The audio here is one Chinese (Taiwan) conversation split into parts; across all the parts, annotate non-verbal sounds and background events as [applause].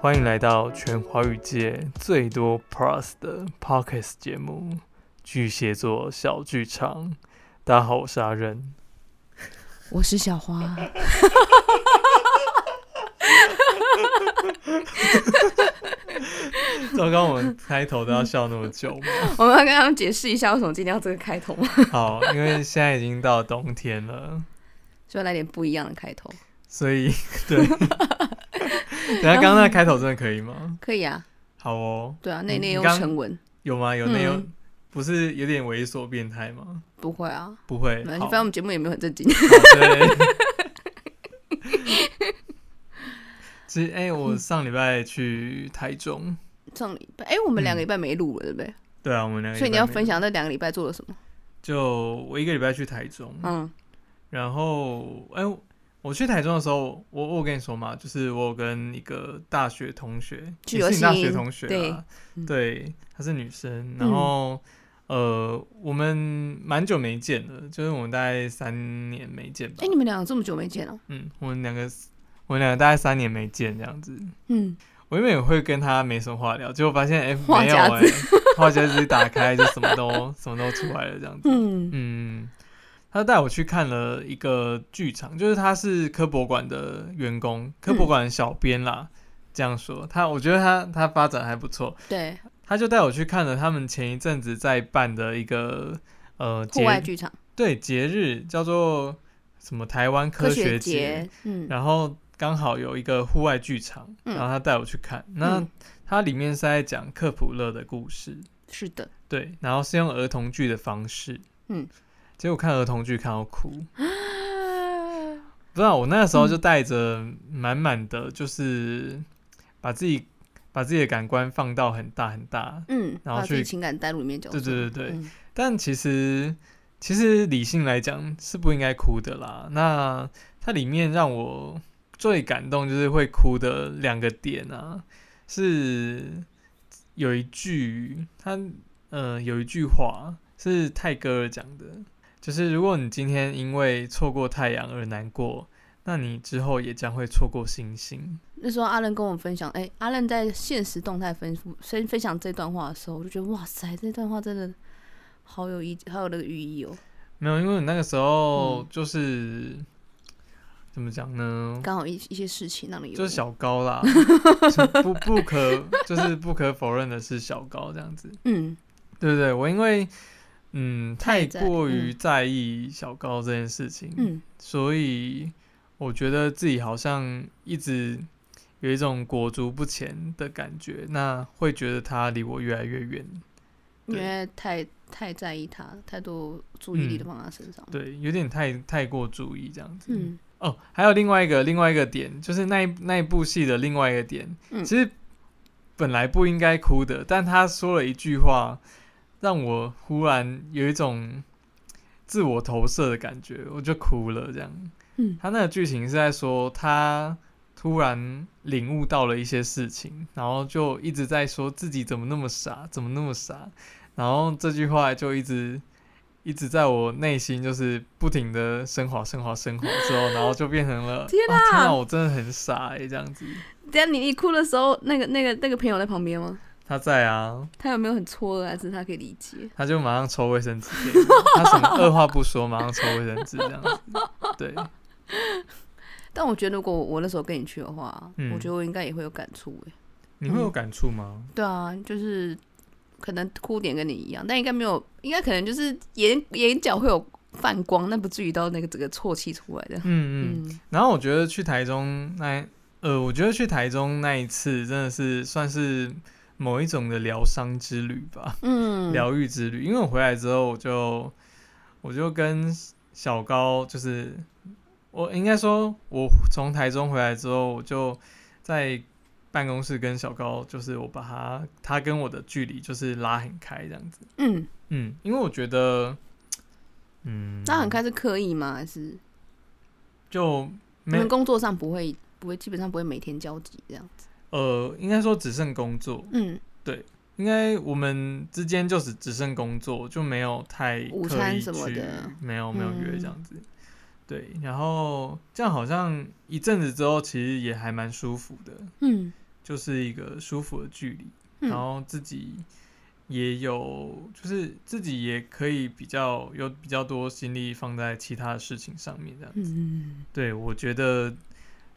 歡迎來到全華語界最多 Plus 的 Podcast 節目《巨蟹座小劇場》。大家好，我是阿任，我是小花。哈哈，剛剛我們開頭都要笑那麼久嗎？ [laughs] 我們要跟他們解釋一下，為什麼今天要這個開頭？好，因為現在已經到冬天了，就要來點不一樣的開頭。所以，對，等下剛剛那個開頭真的可以嗎？可以啊。好哦。對啊，那那有成文有嗎？有那有、嗯，不是有點猥瑣變態嗎？不會啊，不會。反正我們節目也沒有很正經。對 [laughs] 其實，哎、欸，我上禮拜去台中。嗯、上禮拜，哎、欸，我們兩個禮拜沒錄了，對不對？對啊，我們兩個禮拜。所以你要分享那兩個禮拜做了什麼？就我一個禮拜去台中，嗯，然後，哎、欸。我去台中的時候，我我跟你說嘛，就是我有跟一個大學同學，也是你大學同學啦，對，她是女生，然後、嗯、呃，我們蠻久沒見了，就是我們大概三年沒見吧。哎、欸，你們兩個這麼久沒見了，啊。嗯，我們兩個，我們兩個大概三年沒見這樣子。嗯，我以為也會跟她沒什麼話聊，結果發現哎、欸，沒有哎、欸，話匣子打開就什麼都 [laughs] 什麼都出來了這樣子。嗯。嗯他帶我去看了一個劇場，就是他是科博館的員工，科博館小編啦、嗯。這樣說，他我覺得他他發展還不錯。對，他就帶我去看了他們前一陣子在辦的一個呃節、戶外劇場對，節日叫做什麼台灣科學節、嗯，然後剛好有一個戶外劇場、嗯，然後他帶我去看。那、嗯、他裡面是在講開普勒的故事，是的，對，然後是用兒童劇的方式，嗯。結果看兒童劇，看到哭。 [coughs] 不知道我那個時候就帶着滿滿的就是把自己、嗯、把自己的感官放到很大很大，嗯，然後去把自己情感帶入裡面，對對對對。嗯、但其實其實理性來講是不應該哭的啦。那它裡面讓我最感動就是會哭的兩個點啊，是有一句，他呃有一句話是泰戈爾講的。就是如果你今天因為錯過太陽而難過，那你之後也將會錯過星星。那時候阿任跟我分享，哎、欸，阿任在現實動態分分分享這段話的時候，我就覺得哇塞，這段話真的好有意，好有那個寓意哦。沒有，因為你那個時候就是、嗯、怎麼講呢？剛好一一些事情讓你就是小高啦， [laughs] 不不可就是不可否認的是小高這樣子，嗯，對不對，對？我因為。嗯，太，太過於在意小高這件事情，嗯，所以我覺得自己好像一直有一種裹足不前的感覺，那會覺得他離我越來越遠，因為太太在意他，太多注意力都放在他身上，嗯，對，有點太太過注意這樣子，嗯，哦，還有另外一個另外一個點，就是那一那一部戲的另外一個點，嗯，其實本來不應該哭的，但他說了一句話。讓我忽然有一種自我投射的感覺，我就哭了。這樣，嗯，他那個劇情是在說他突然領悟到了一些事情，然後就一直在說自己怎麼那麼傻，怎麼那麼傻，然後這句話就一直一直在我內心就是不停的升華、升華、升華之後， [laughs] 然後就變成了天哪、啊，啊天啊我真的很傻誒、欸。這樣子。等下你一哭的時候，那個那個那個朋友在旁邊嗎？他在啊，他有沒有很錯愕？還是他可以理解？他就馬上抽衛生紙，他什麼二話不說， [laughs] 馬上抽衛生紙這樣子，對。但我覺得，如果我那時候跟你去的話，嗯、我覺得我應該也會有感觸、欸、你會有感觸嗎、嗯？對啊，就是可能哭點跟你一樣，但應該沒有，應該可能就是眼眼角會有泛光，那不至於到那個整個啜泣出來的。嗯嗯，嗯。然後我覺得去台中那，呃，我覺得去台中那一次真的是算是。某一種的療傷之旅吧，嗯，療癒之旅。因為我回來之後，我就我就跟小高，就是我應該說，我從台中回來之後，我就在辦公室跟小高，就是我把他他跟我的距離就是拉很開這樣子，嗯嗯，因為我覺得，嗯，那很開是刻意嗎？還是就沒你們工作上不會不會基本上不會每天交集這樣。呃，應該說只剩工作。嗯，對，應該我們之間就是只剩工作，就沒有太刻意去午餐什麼的，沒有沒有約這樣子、嗯。對，然後這樣好像一陣子之後，其實也還蠻舒服的。嗯，就是一個舒服的距離、嗯，然後自己也有，就是自己也可以比較有比較多心力放在其他的事情上面這樣子。嗯，對，我覺得。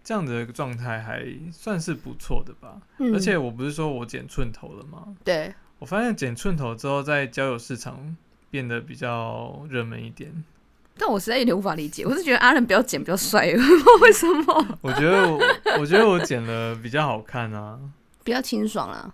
這樣子的狀態還算是不錯的吧。嗯，而且我不是說我剪寸頭了嗎？對，我發現剪寸頭之後，在交友市場變得比較熱門一點。但我實在有點無法理解，我是覺得阿任不要剪比較帥， [laughs] 為什麼？我覺得我，我覺得我剪了比較好看啊， [laughs] 比較清爽啊，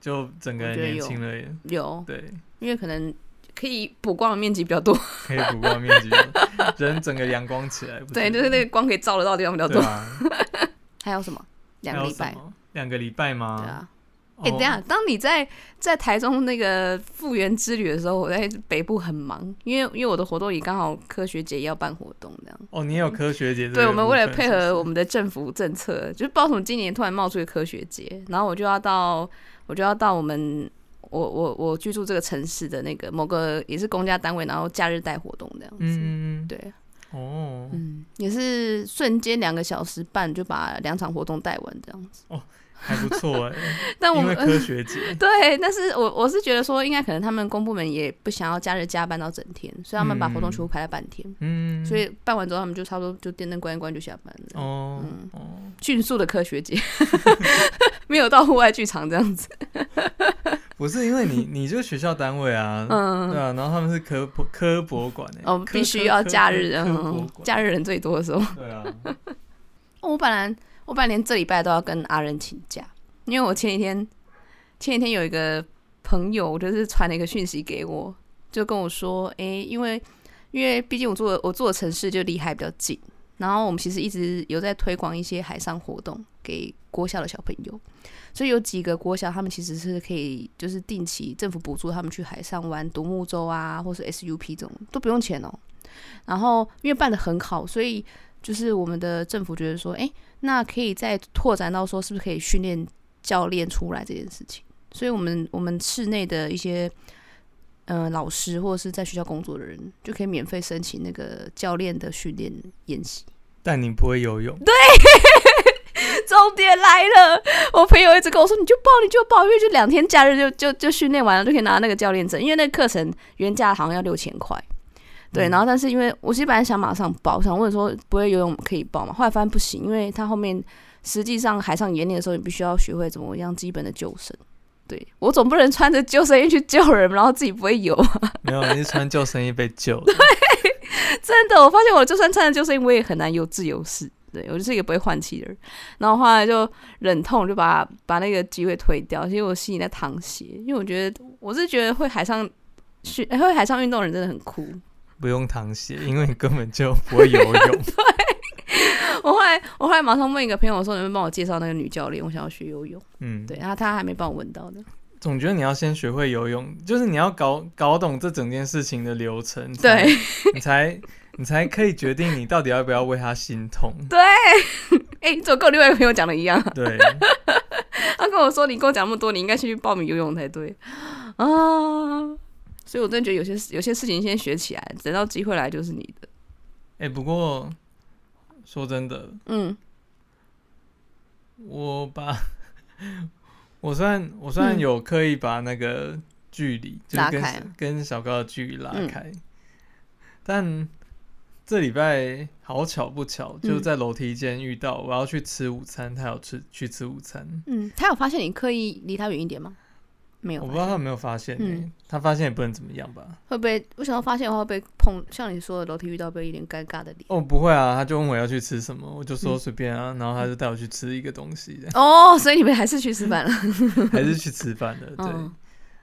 就整個人年輕了耶。有對，因為可能。可以補光的面積比較多，可以補光的面積 [laughs] 人整個陽光起來。對，就是那個光可以照得到的地方比較多、啊 [laughs] 還。還有什麼？兩個禮拜？兩個禮拜嗎？對啊。哎、欸，oh. 等一下，當你在在台中那個復原之旅的時候，我在北部很忙，因為因為我的活動也剛好科學節要辦活動，這樣。哦、oh,，你也有科學節、嗯？對，我們為了配合我們的政府政策，是是就是不知道怎麼今年突然冒出一個科學節？然後我就要到，我就要到我們。我我我居住這個城市的那個某個也是公家單位，然後假日帶活動這樣子、嗯，對，哦，嗯，也是瞬間兩個小時半就把兩場活動帶完這樣子，哦，還不錯哎。那 [laughs] 我們科學節、嗯、對，但是我我是覺得說應該可能他們公部門也不想要假日加班到整天，所以他們把活動全部排了半天，嗯，所以辦完之後他們就差不多就電燈關一關就下班了，哦，嗯、哦迅速的科學節， [laughs] 沒有到戶外劇場這樣子。 [laughs] 不是因為你，你這個學校單位啊， [laughs] 嗯，對啊，然後他們是科博科博館、欸的、哦，必須要假日人、啊嗯，假日人最多的時候，對啊。 [laughs] 我本來我本來連這禮拜都要跟阿仁請假，因為我前一天前一天有一個朋友就是傳了一個訊息給我，就跟我說，哎、欸，因為因為畢竟我住的我住的城市就離海比較近，然後我們其實一直有在推廣一些海上活動給國小的小朋友。所以有幾個國小，他們其實是可以就是定期政府補助他們去海上玩獨木舟啊，或是 SUP 這種都不用錢哦。然後因為辦得很好，所以就是我們的政府覺得說，哎、欸，那可以再拓展到說，是不是可以訓練教練出來這件事情？所以我們我們市內的一些嗯、呃、老師或者是在學校工作的人就可以免費申請那個教練的訓練演習。但你不會游泳。對。 [laughs] 重點來了，我朋友一直跟我說，你就報，你就報，因為就兩天假日就，就就就訓練完了，就可以拿那個教練證。因為那課程原價好像要六千塊，對。嗯、然後，但是因為我其實本來想馬上報，想問說不會游泳可以報嘛。後來發現不行，因為他後面實際上海上演練的時候，你必須要學會怎麼樣基本的救生。對，我總不能穿着救生衣去救人，然後自己不會游啊。沒、嗯、有， [laughs] 你是穿救生衣被救。對。真的，我發現我就算穿着救生衣，我也很難游自由式。對，我就是一個不會換氣的人，然後後來就忍痛就把把那個機會推掉，其實我心裡在淌血，因為我覺得我是覺得會海上學、欸，會海上運動人真的很酷，不用淌血，因為你根本就不會游泳。 [laughs] 對，我後來我後來馬上問一個朋友說，能不能幫我介紹那個女教練，我想要學游泳。嗯，對，然後他還沒幫我問到呢。總覺得你要先學會游泳，就是你要搞搞懂這整件事情的流程，對你才。 [laughs] 你才可以決定你到底要不要為他心痛。 [laughs] 對，哎、欸，這跟我另外一個朋友講的一樣。對， [laughs] 他跟我說：“你跟我講那麼多，你應該去報名游泳才對啊！”所以，我真的覺得有些有些事情先學起來，等到機會來就是你的。哎、欸，不過說真的，嗯，我把，我雖然我雖然有刻意把那個距離、嗯、拉、拉開，跟小高的距離拉開，但。這禮拜好巧不巧，就在樓梯間遇到、嗯。我要去吃午餐，他要吃去，去吃午餐。嗯，他有發現你刻意離他遠一點嗎？沒有，我不知道他有沒有發現、欸嗯。他發現也不能怎麼樣吧？會被為什麼發現的話，被碰。像你說的樓梯遇到，被一點尷尬的點。哦，不會啊，他就問我要去吃什麼，我就說隨便啊、嗯，然後他就帶我去吃一個東西。哦，所以你們還是去吃飯了？ [laughs] 還是去吃飯了？對。哦。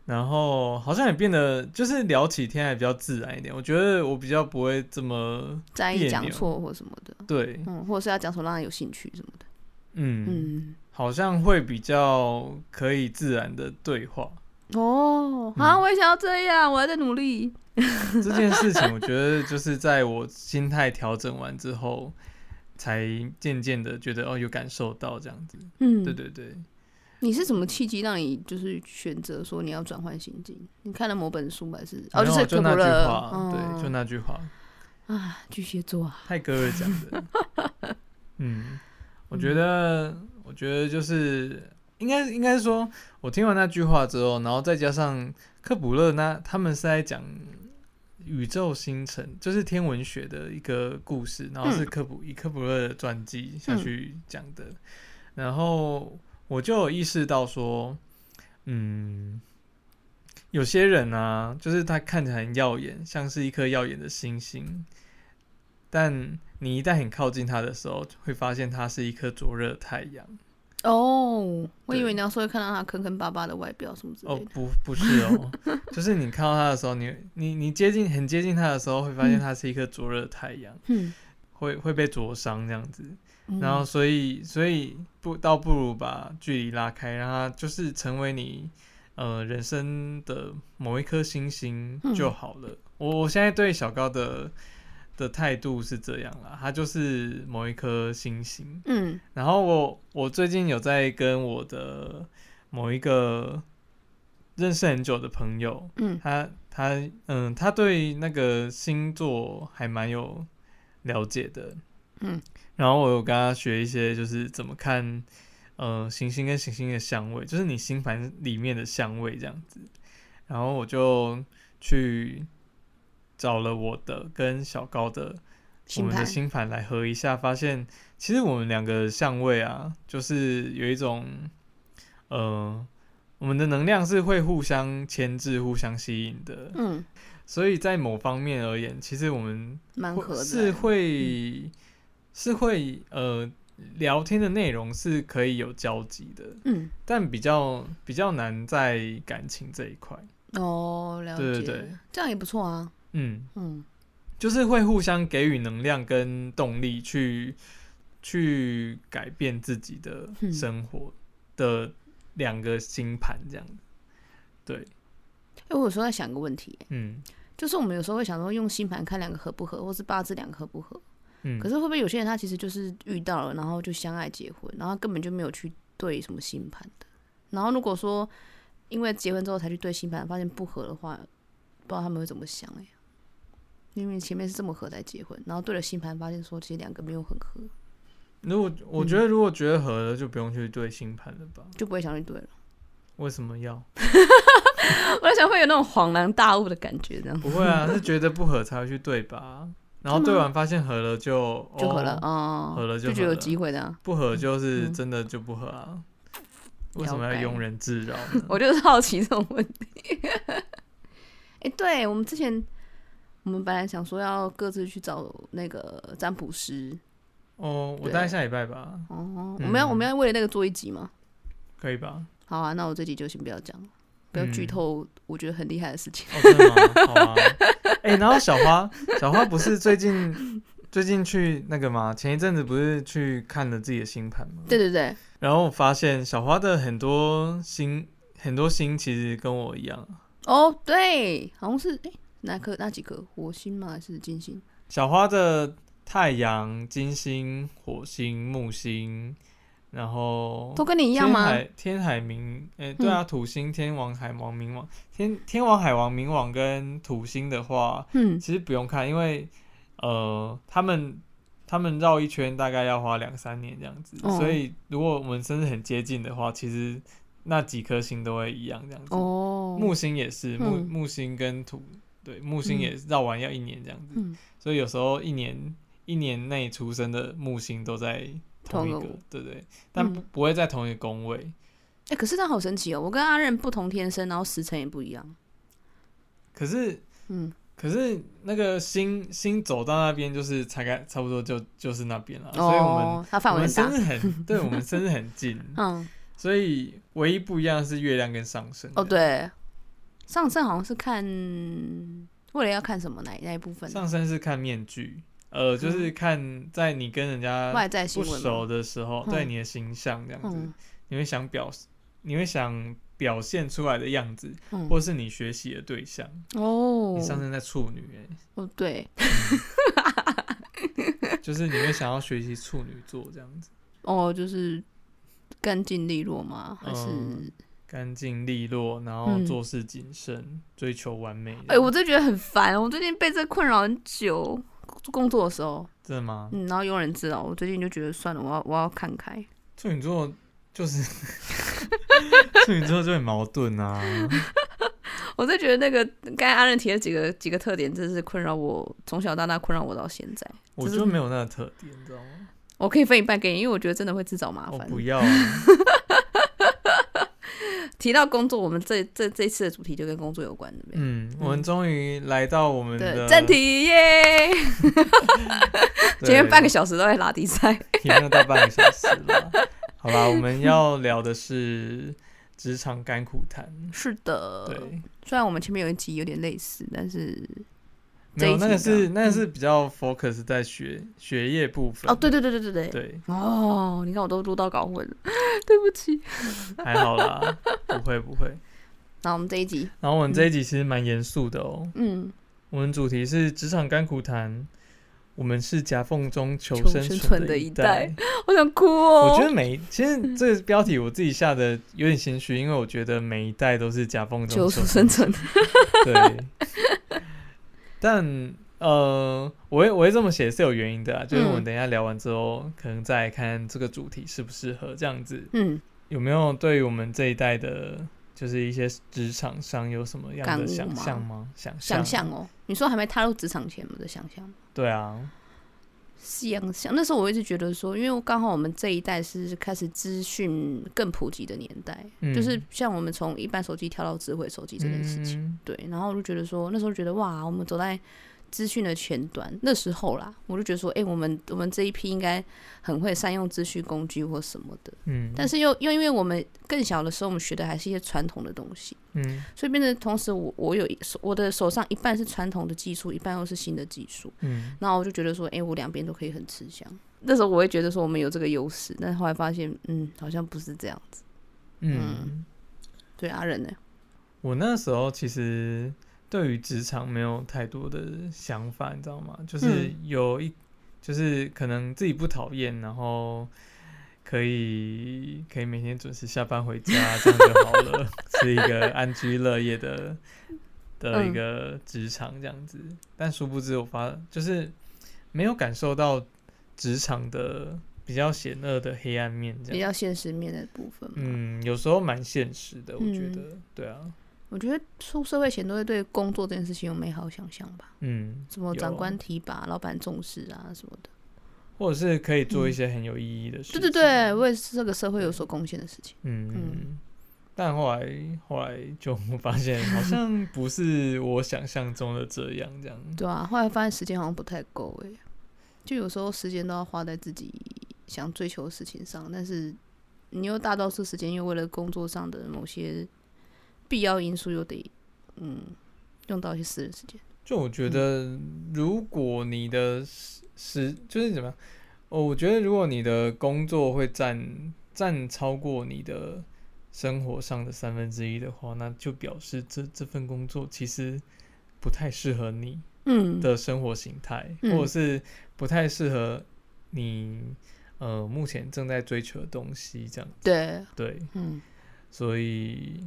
然後好像也變得就是聊起天來比較自然一點，我覺得我比較不會這麼在意講錯或什麼的，對，嗯，或者是要講錯讓他有興趣什麼的，嗯嗯，好像會比較可以自然的對話哦、嗯，啊，我也想要這樣，我還在努力。這件事情我覺得就是在我心態調整完之後， [laughs] 才漸漸的覺得哦，有感受到這樣子，嗯，對對對。你是什麼契機讓你就是選擇說你要轉換心境？你看了某本書，還是哦？就是克卜勒、哦、就那句話、嗯，對，就那句話啊，巨蟹座啊，泰戈爾講的。 [laughs] 嗯，我覺得，我覺得就是應該、嗯，應該說，我聽完那句話之後，然後再加上克卜勒，那他們是在講宇宙星辰，就是天文學的一個故事，然後是克卜、嗯、以克卜勒的傳記下去講的、嗯，然後。我就有意識到說，嗯，有些人啊，就是他看起來很耀眼，像是一顆耀眼的星星，但你一旦很靠近他的時候，就會發現他是一顆灼熱太陽。哦，我以為你要說會看到他坑坑巴巴的外表什麼之類的。哦，不，不是哦， [laughs] 就是你看到他的時候，你你你接近很接近他的時候，會發現他是一顆灼熱太陽，嗯，會會被灼傷這樣子。然後所以、嗯，所以，所以不倒，不如把距離拉開，讓他就是成為你，呃，人生的某一顆星星就好了。我、嗯、我現在對小高的的態度是這樣啦，他就是某一顆星星、嗯。然後我我最近有在跟我的某一個認識很久的朋友，嗯、他他嗯，他對那個星座還蠻有了解的，嗯。然後我有跟他學一些，就是怎麼看，呃，行星跟行星的相位，就是你星盤裡面的相位這樣子。然後我就去找了我的跟小高的我們的星盤來合一下，發現其實我們兩個相位啊，就是有一種，呃，我們的能量是會互相牽制、互相吸引的。嗯，所以在某方面而言，其實我們會蠻合的，是會。嗯是會呃，聊天的內容是可以有交集的，嗯，但比較比較難在感情這一塊哦，了解。對對對，這樣也不錯啊，嗯嗯，就是會互相給予能量跟動力去去改變自己的生活的兩個星盤這樣，嗯、對，哎、欸，我有時候在想一個問題，欸，嗯，就是我們有時候會想說用星盤看兩個合不合，或是八字兩個合不合。可是會不會有些人他其實就是遇到了，然後就相愛結婚，然後他根本就沒有去對什麼星盤的。然後如果說因為結婚之後才去對星盤，發現不合的話，不知道他們會怎麼想呀？因為前面是這麼合才結婚，然後對了星盤發現說其實兩個沒有很合。如果我覺得如果覺得合了，嗯、就不用去對星盤了吧？就不會想去對了。為什麼要？ [laughs] 我在想會有那種恍然大悟的感覺，這樣？不會啊，是覺得不合才會去對吧？然後對完發現合了就、哦、就合了嗯，合了就覺得有機會的。不合就是真的就不合啊。嗯嗯、為什麼要庸人自擾？ [laughs] 我就是好奇這種問題。哎、 [laughs] 欸，對，我們之前我們本來想說要各自去找那個占卜師。哦，我大概下禮拜吧。哦、嗯，我們要我們要為了那個做一集嗎？可以吧？好啊，那我這集就先不要講了。不要劇透，我覺得很厲害的事情。哦、真的嗎？好啊，哎、 [laughs] 欸，然後小花，小花不是最近 [laughs] 最近去那個嗎？前一陣子不是去看了自己的星盤嗎？對對對。然後我發現小花的很多星，很多星其實跟我一樣。哦，對，好像是誒、欸，哪顆？哪幾顆？火星嗎？還是金星？小花的太陽、金星、火星、木星。然後都跟你一樣嗎？天海冥、欸，對啊、嗯，土星、天王、海王、冥王、天天王、海王、冥王跟土星的話、嗯，其實不用看，因為呃，他們他們繞一圈大概要花兩三年這樣子、哦，所以如果我們真的很接近的話，其實那幾顆星都會一樣這樣子。哦，木星也是木、嗯、木星跟土，對，木星也是繞完要一年這樣子，嗯，所以有時候一年一年內出生的木星都在。同一，同一個，對對，對、嗯，但不會在同一個宮位。哎、欸，可是他好神奇哦！我跟阿任不同天生，然後時辰也不一樣。可是，嗯，可是那個星星走到那邊，就是才開差不多就就是那邊了。哦，所以我們他範圍很大，我們真的很，對我們真的很近。 [laughs] 嗯，所以唯一不一樣是月亮跟上升。哦，對，上升好像是看為了要看什麼哪那一部分？上升是看面具。呃，就是看在你跟人家不熟的時候，在嗯、對你的形象這樣子，嗯，你會想表，你會想表現出來的樣子，嗯，或是你學習的對象哦。你上升在處女誒，哦對，就是你會想要學習處女座這樣子哦，就是乾淨利落嗎？還是乾淨利落，然後做事謹慎，嗯，追求完美。誒、欸，我真覺得很煩，我最近被這困擾很久。工作的時候，真的嗎？嗯，然後有人知道，我最近就覺得算了，我要我要看開。處女座就是，處女座就很矛盾啊。 [laughs] 我就覺得那個剛才阿任提的幾個幾個特點，真是困擾我從小到大，困擾我到現在。我就沒有那個特點，你知道嗎？我可以分一半給你，因為我覺得真的會自找麻煩。我不要。 [laughs] 提到工作，我們這這這一次的主題就跟工作有關的、嗯。嗯，我們終於來到我們的正題耶 [laughs] [laughs] 對！前面半個小時都在拉低塞， [laughs] 也沒有到半個小時了。 [laughs] 好吧，我們要聊的是職場甘苦談。是的，對，雖然我們前面有一集有點類似，但是。沒有，那個是，嗯、那個、是比較 focus 在學、嗯、學業部分。哦，對對對對對對。哦，你看我都錄到搞混了， [laughs] 對不起。還好啦， [laughs] 不會不會。那我們這一集，然後我們這一集其實蠻嚴肅的哦、喔。嗯，我們主題是職場甘苦談，我們是夾縫中求生，求生存的一代，我想哭哦。我覺得每一，其實這個標題我自己下的有點心虛， [laughs] 因為我覺得每一代都是夾縫中求生存。生存 [laughs] 對。但呃，我會，我會這麼寫是有原因的，啊，就是我們等一下聊完之後，嗯，可能再看這個主題適不適合這樣子。嗯，有沒有對我們這一代的，就是一些職場上有什麼樣的想象嗎？想象想象哦，你說還沒踏入職場前我的想象。對啊。想想那時候我一直覺得說，因為剛好我們這一代是開始資訊更普及的年代，嗯、就是像我們從一般手機跳到智慧手機這件事情、嗯，對，然後我就覺得說，那時候覺得哇，我們走在。資訊的前端，那時候啦，我就覺得說，哎、欸，我們我們這一批應該很會善用資訊工具或什麼的。嗯，但是又又因為我們更小的時候，我們學的還是一些傳統的東西。嗯，所以變成同時我，我我有我的手上一半是傳統的技術，一半又是新的技術。嗯，那我就覺得說，哎、欸，我兩邊都可以很吃香。那時候我會覺得說，我們有這個優勢，但是後來發現，嗯，好像不是這樣子。嗯，嗯對，阿任呢？我那時候其實。對於職場沒有太多的想法，你知道嗎？就是有一，嗯、就是可能自己不討厭，然後可以可以每天準時下班回家，這樣就好了， [laughs] 是一個安居樂業的的一個職場這樣子。嗯、但殊不知，我發就是沒有感受到職場的比較險惡的黑暗面，這樣比較現實面的部分。嗯，有時候蠻現實的，我覺得，嗯、對啊。我覺得出社會前都會對工作這件事情有美好想象吧，嗯，什麼長官提拔、老闆重視啊什麼的，或者是可以做一些很有意義的事情、嗯，對對對，為這個社會有所貢獻的事情，嗯，嗯，但後來後來就發現好像不是我想象中的這樣， [laughs] 這樣，對啊，後來發現時間好像不太夠哎、欸，就有時候時間都要花在自己想追求的事情上，但是你又大多數時間又為了工作上的某些。必要因素又得，嗯，用到一些私人時間。就我覺得，嗯、如果你的時就是怎麼樣、Oh, 我覺得如果你的工作會占占超過你的生活上的三分之一的話，那就表示這這份工作其實不太適合你，嗯，的生活形態、嗯，或者是不太適合你、嗯、呃目前正在追求的東西這樣子。對對，嗯，所以。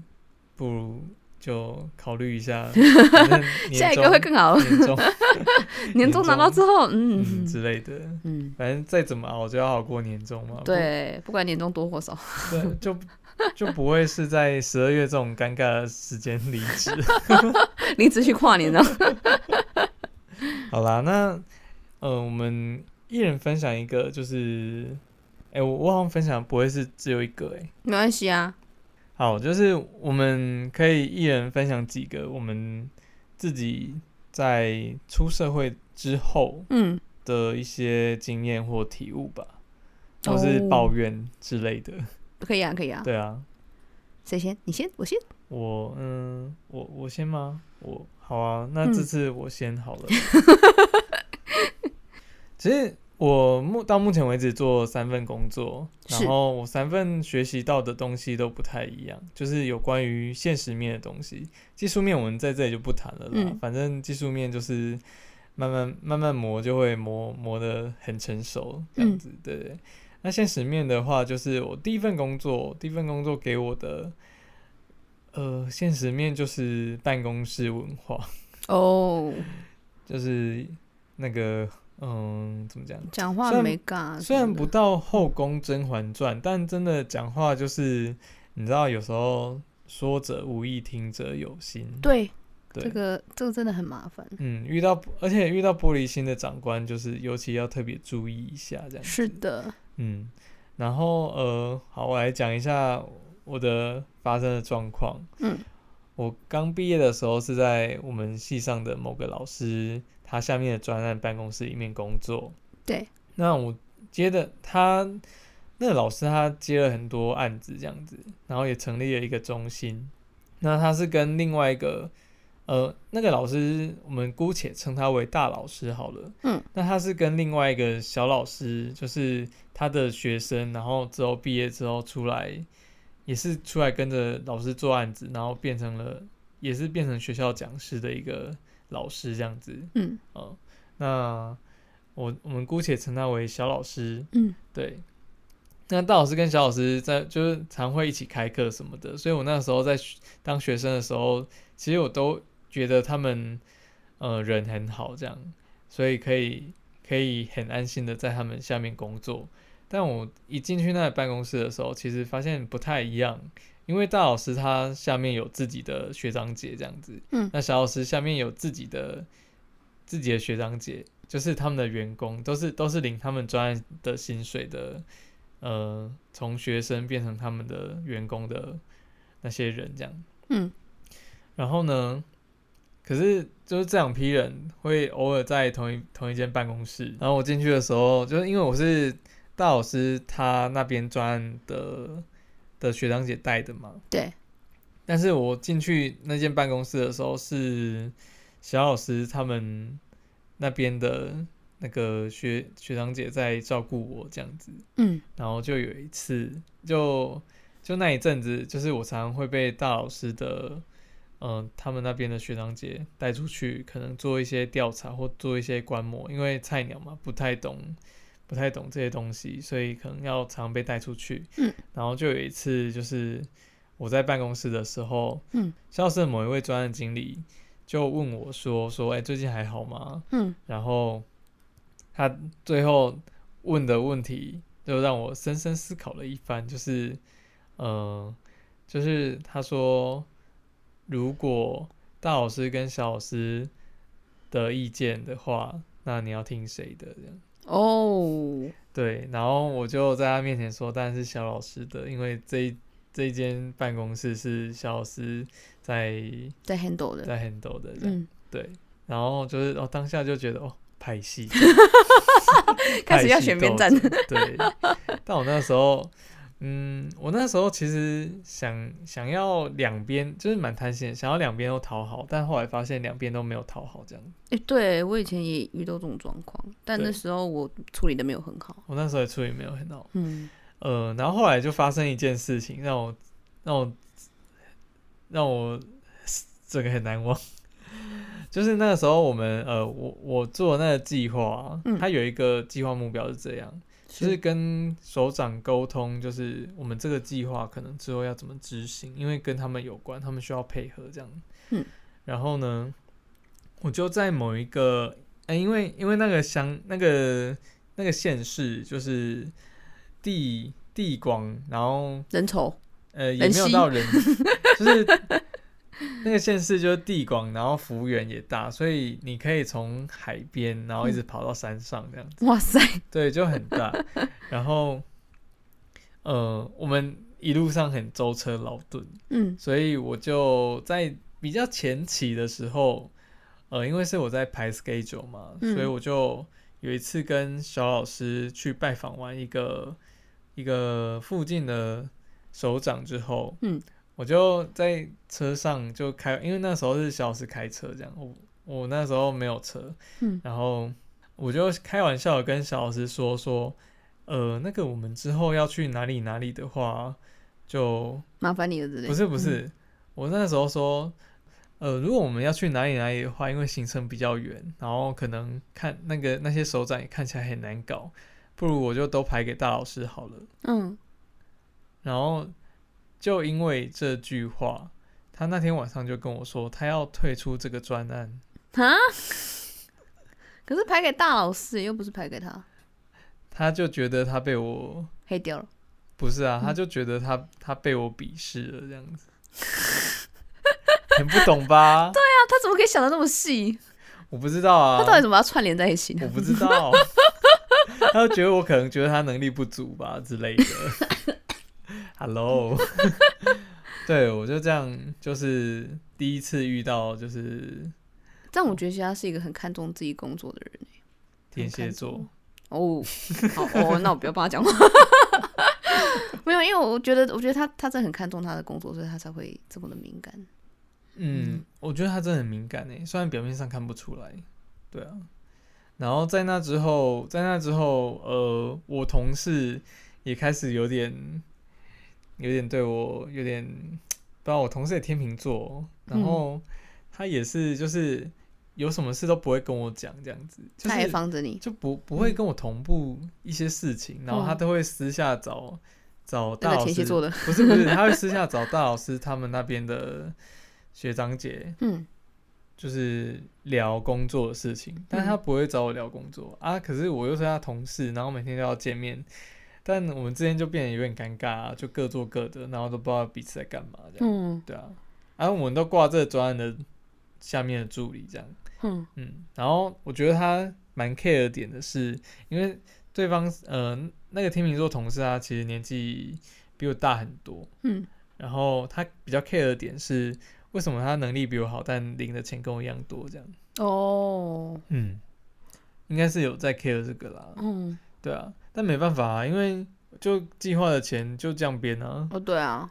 不如就考慮一下， [laughs] 下一個會更好。年終， [laughs] 年終拿到之後，嗯之類的，嗯，反正再怎麼熬，就要熬過年終嘛。對，不，不管年終多或少。對，就就不會是在十二月這種尷尬的時間離職，離 [laughs] 職 [laughs] 去跨年了。 [laughs] 好啦，那嗯、呃，我們一人分享一個，就是，哎、欸，我我好像分享不會是只有一個、欸，哎，沒關係啊。好，就是我們可以一人分享幾個我們自己在出社會之後，嗯的一些經驗或體悟吧、嗯，或是抱怨之類的。哦、 [laughs] 可以啊，可以啊。對啊，誰先？你先？我先？我嗯，我我先嗎？我好啊，那這次我先好了。嗯、 [laughs] 其實。我目到目前為止做三份工作，然後我三份學習到的東西都不太一樣，就是有關於現實面的東西。技術面我們在這裡就不談了啦、嗯，反正技術面就是慢慢慢慢磨，就會磨磨得很成熟這樣子。對，嗯、那現實面的話，就是我第一份工作，第一份工作給我的呃現實面就是辦公室文化哦， [laughs] 就是那個。嗯，怎麼講？講話沒乾。雖然不到後宮《甄嬛傳》嗯，但真的講話就是，你知道，有時候說者無意，聽者有心。對，對，這個這個真的很麻煩。嗯，遇到而且遇到玻璃心的長官，就是尤其要特別注意一下，這樣。是的。嗯，然後呃，好，我來講一下我的發生的狀況。嗯，我剛畢業的時候是在我們系上的某個老師。他下面的專案辦公室裡面工作，對。那我接的他那個老師，他接了很多案子這樣子，然後也成立了一個中心。那他是跟另外一個，呃，那個老師，我們姑且稱他為大老師好了。嗯。那他是跟另外一個小老師，就是他的學生，然後之後畢業之後出來，也是出來跟着老師做案子，然後變成了，也是變成學校講師的一個。老師這樣子，嗯，哦，那我我們姑且稱他為小老師，嗯，對。那大老師跟小老師在就是常會一起開課什麼的，所以我那時候在當學生的時候，其實我都覺得他們呃人很好這樣，所以可以可以很安心的在他們下面工作。但我一進去那個辦公室的時候，其實發現不太一樣。因為大老師他下面有自己的學長姐這樣子，嗯，那小老師下面有自己的自己的學長姐，就是他們的員工都是都是領他們專案的薪水的，呃，從學生變成他們的員工的那些人這樣，嗯，然後呢，可是就是這兩批人會偶爾在同一同一間辦公室，然後我進去的時候，就是因為我是大老師他那邊專案的。的學長姐帶的嘛，對。但是我進去那間辦公室的時候，是小老師他們那邊的那個學學長姐在照顧我這樣子。嗯。然後就有一次就，就就那一陣子，就是我常會被大老師的，嗯、呃，他們那邊的學長姐帶出去，可能做一些調查或做一些觀摩，因為菜鳥嘛，不太懂。不太懂這些東西，所以可能要常被帶出去。嗯，然後就有一次，就是我在辦公室的時候，嗯，小老師的某一位專案經理就問我說：“說哎、欸，最近還好嗎？”嗯，然後他最後問的問題又讓我深深思考了一番，就是，嗯、呃，就是他說，如果大老師跟小老師的意見的話，那你要聽誰的？這樣。哦、oh.，對，然後我就在他面前說：“但是小老師的，因為這一這間辦公室是小老師在在 handle 的，在 handle 的這樣，嗯，對。”然後就是，哦，當下就覺得，哦，拍戲， [laughs] 開始要選邊站了 [laughs] 鬥， [laughs] 對。但我那時候。嗯，我那時候其實想想要兩邊就是蠻貪心，想要兩邊、就是、都討好，但後來發現兩邊都沒有討好，這樣、欸。對，我以前也遇到這種狀況，但那時候我處理的沒有很好。我那時候也處理沒有很好。嗯，呃，然後後來就發生一件事情，讓我讓我讓我這個很難忘，就是那個時候我們呃，我我做的那個計劃、嗯，它有一個計劃目標是這樣。就是跟首長溝通，就是我們這個計劃可能之後要怎麼執行，因為跟他們有關，他們需要配合這樣。嗯，然後呢，我就在某一個，哎、欸，因為因為那個鄉、那個那個縣市，就是地地廣，然後人稠，呃，也沒有到人，人就是。 [laughs] 那個縣市就是地廣，然後幅員也大，所以你可以從海邊，然後一直跑到山上這樣子。嗯、哇塞，對，就很大。 [laughs] 然後，呃，我們一路上很舟車勞頓，嗯，所以我就在比較前期的時候，呃，因為是我在排 schedule 嘛，嗯，所以我就有一次跟小老師去拜訪完一個一個附近的首長之後，嗯我就在車上就開，因為那時候是小老師開車這樣，我我那時候沒有車，嗯，然後我就開玩笑跟小老師說說，呃，那個我們之後要去哪裡哪裡的話，就麻煩你了之類。不是不是、嗯，我那時候說，呃，如果我們要去哪裡哪裡的話，因為行程比較遠，然後可能看那個那些首長也看起來很難搞，不如我就都排給大老師好了。嗯，然後。就因為這句話，他那天晚上就跟我說，他要退出這個專案。啊？可是排給大老師，又不是排給他。他就覺得他被我黑掉了。不是啊，嗯、他就覺得他他被我鄙視了這樣子。你 [laughs] 不懂吧？對啊，他怎麼可以想得那麼細？我不知道啊，他到底怎麼把它串聯在一起？我不知道。 [laughs] 他就覺得我可能覺得他能力不足吧之類的。 [laughs] Hello， [laughs] [laughs] 對我就這樣，就是第一次遇到，就是。但我覺得其實他是一個很看重自己工作的人。天蠍座。哦，哦、 [laughs] oh,，oh, oh, [laughs] 那我不要跟他講話。 [laughs] [laughs] [laughs] [laughs] 沒有，因為我我覺得，我覺得他他真的很看重他的工作，所以他才會這麼的敏感。嗯，嗯，我覺得他真的很敏感誒，雖然表面上看不出來。對啊。然後在那之後，在那之後，呃，我同事也開始有點。有點對我有點不知道，我同事也天秤座，然後他也是就是有什麼事都不會跟我講，這樣子，就也防着你，就不不會跟我同步一些事情，然後他都會私下找找大老師的，不是不是，他會私下找大老師他們那邊的學長姐，就是聊工作的事情，但他不會找我聊工作啊，可是我又是他同事，然後每天都要見面。但我們之間就變得有點尷尬啊，就各做各的，然後都不知道彼此在幹嘛這樣。嗯，對啊，然後我們都掛這個專案的下面的助理這樣。嗯，嗯，然後我覺得他蠻 care 的點的是，因為對方呃那個天秤座同事啊，其實年紀比我大很多。嗯，然後他比較 care 的點是，為什麼他能力比我好，但領的錢跟我一樣多這樣？哦，嗯，應該是有在 care 這個啦。嗯。對啊，但沒辦法啊，因為就計劃的錢就這樣編啊。哦，對啊，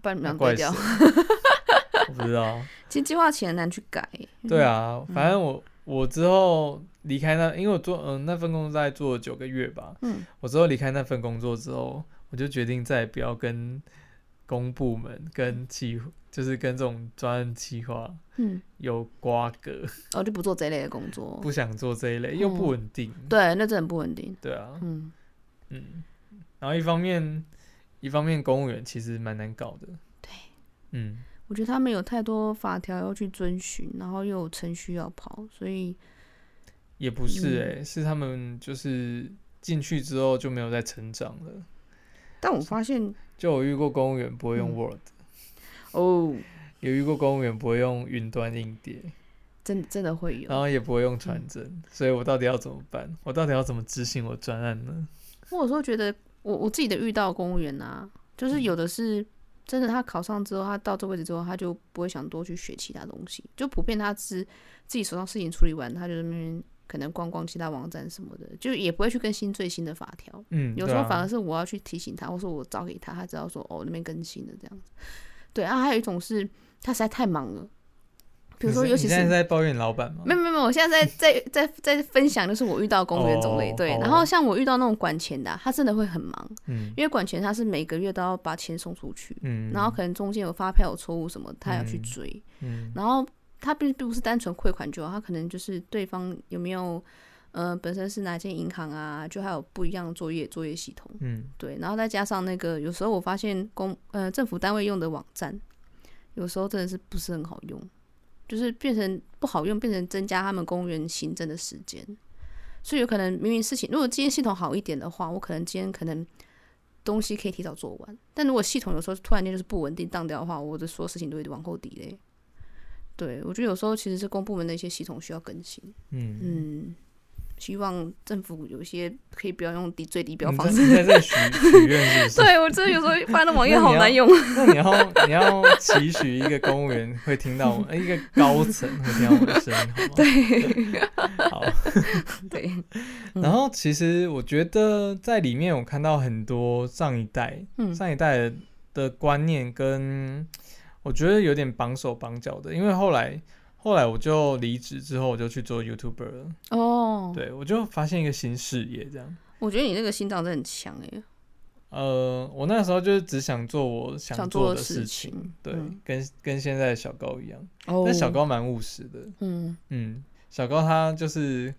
把你們怪掉，要怪誰 [laughs] 我不知道。其實計劃的錢很難去改。對啊，嗯、反正我我之後離開那，因為我做嗯那份工作，大概做了九個月吧。嗯，我之後離開那份工作之後，我就決定再也不要跟。公部門跟企就是跟這種專案企劃，嗯，有瓜葛哦，就不做這類的工作，不想做這一類，嗯、又不穩定，對，那真的很不穩定，對啊，嗯嗯，然後一方面一方面公務員其實蠻難搞的，對，嗯，我覺得他們有太多法條要去遵循，然後又有程序要跑，所以也不是誒、欸嗯，是他們就是進去之後就沒有再成長了，但我發現。就我遇過公務員不會用 Word，哦、嗯，有、oh, 遇過公務員不會用雲端硬碟，真的真的會有，然後也不會用傳真、嗯，所以我到底要怎麼辦？我到底要怎麼執行我的專案呢？我有時候覺得我我自己的遇到的公務員啊，就是有的是真的，他考上之後，他到這位置之後，他就不會想多去學其他東西，就普遍他是自己手上事情處理完，他就是。可能逛逛其他網站什麼的，就也不會去更新最新的法條。嗯，有時候反而是我要去提醒他，嗯啊、或者我找給他，他知道說哦那邊更新了這樣子。對啊，還有一種是他實在太忙了，比如說尤其是，是現在，是在抱怨老闆嗎？沒有沒有，我現在在在在在，在分享，就是我遇到的公務員種類 [laughs] 對，然後像我遇到那種管錢的、啊，他真的會很忙、嗯，因為管錢他是每個月都要把錢送出去，嗯，然後可能中間有發票有錯誤什麼，他要去追，嗯，嗯然後。他並並不是單純匯款就好，他可能就是對方有沒有，呃，本身是哪間銀行啊？就還有不一樣的作業作業系統，嗯，對。然後再加上那個，有時候我發現公，呃，政府單位用的網站，有時候真的是不是很好用，就是變成不好用，變成增加他們公務員行政的時間。所以有可能明明事情，如果今天系統好一點的話，我可能今天可能東西可以提早做完。但如果系統有時候突然間就是不穩定當掉的話，我的所有事情都會往後 delay 對，我覺得有時候其實是公部門的一些系統需要更新。嗯嗯，希望政府有些可以不要用低最低標方式在，在這裡許許願，是不 [laughs] 對，我真的有時候翻的網頁好難用。 [laughs] 那你要那你要期許一個公務員會聽到我 [laughs] 、欸，一個高層會聽到我的聲音， [laughs] 好嗎？好。對。 [laughs] 然後其實我覺得在裡面，我看到很多上一代，嗯、上一代的觀念跟。我覺得有點綁手綁腳的，因為後來後來我就離職之後，我就去做 YouTuber 了。哦、oh.，對，我就發現一個新事業這樣。我覺得你那個心臟真的很強哎、欸。呃，我那時候就只想做我想做的事情，事情對，嗯、跟跟現在的小高一樣。哦、oh.。但小高蠻務實的。嗯嗯，小高他就是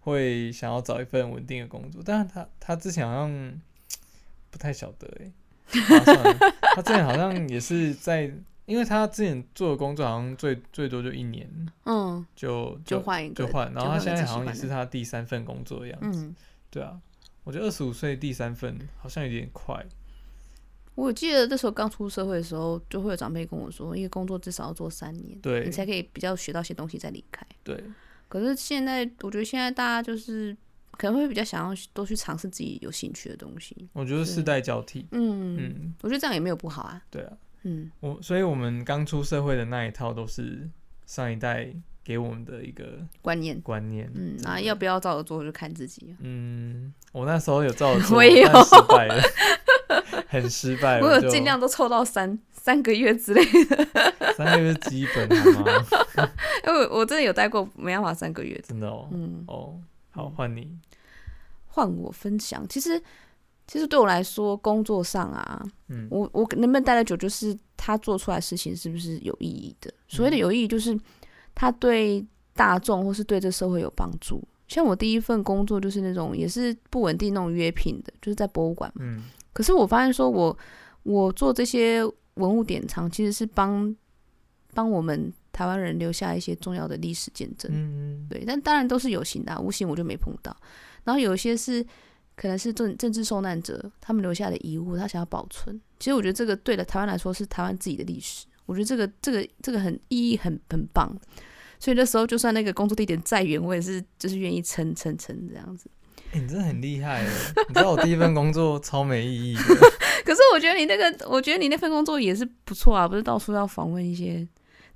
會想要找一份穩定的工作，但是他他之前好像不太曉得哎、欸。 [laughs] 他之前好像也是在。因為他之前做的工作好像最最多就一年，嗯，就就換一個就換，然後他現在好像也是他第三份工作的樣子，嗯，對啊，我覺得二十五歲第三份好像有點快。我記得那時候剛出社會的時候，就會有長輩跟我說，一個工作至少要做三年，對，你才可以比較學到些東西再離開，對。可是現在我覺得現在大家就是可能會比較想要多去嘗試自己有興趣的東西。我覺得世代交替，嗯嗯，我覺得這樣也沒有不好啊，對啊。嗯，我所以，我們剛出社會的那一套都是上一代給我們的一個觀念觀念，觀念。嗯，那要不要照着做，就看自己了。嗯，我那時候有照着做，我也有，失敗了 [laughs] [laughs] 很失敗。我有盡量都湊到三 [laughs] 三個月之類的， [laughs] 三個月是基本好嗎？因 [laughs] 為 [laughs] 我真的有待過沒辦法三個月的，真的哦。嗯哦，好，換你換、嗯、我分享，其實。其實對我來說，工作上啊，嗯，我我能不能待得久，就是他做出來的事情是不是有意義的？嗯，所謂的有意義，就是他對大眾或是對這社會有幫助。像我第一份工作就是那種也是不穩定那種約聘的，就是在博物館嘛、嗯、可是我發現說，我我做這些文物典藏，其實是幫幫我們台灣人留下一些重要的歷史見證。嗯嗯。對，但當然都是有形的啊，無形我就沒碰到。然後有一些是。可能是政政治受難者他們留下的遺物，他想要保存。其實我覺得這個對了台灣來說是台灣自己的歷史，我覺得這個這個這個很意義很很棒。所以那時候就算那個工作地點再遠，我也是就是願意撐撐撐這樣子、欸。你真的很厲害、欸， [laughs] 你知道我第一份工作超沒意義的。 [laughs] 可是我覺得你那個，我覺得你那份工作也是不錯啊，不是到處要訪問一些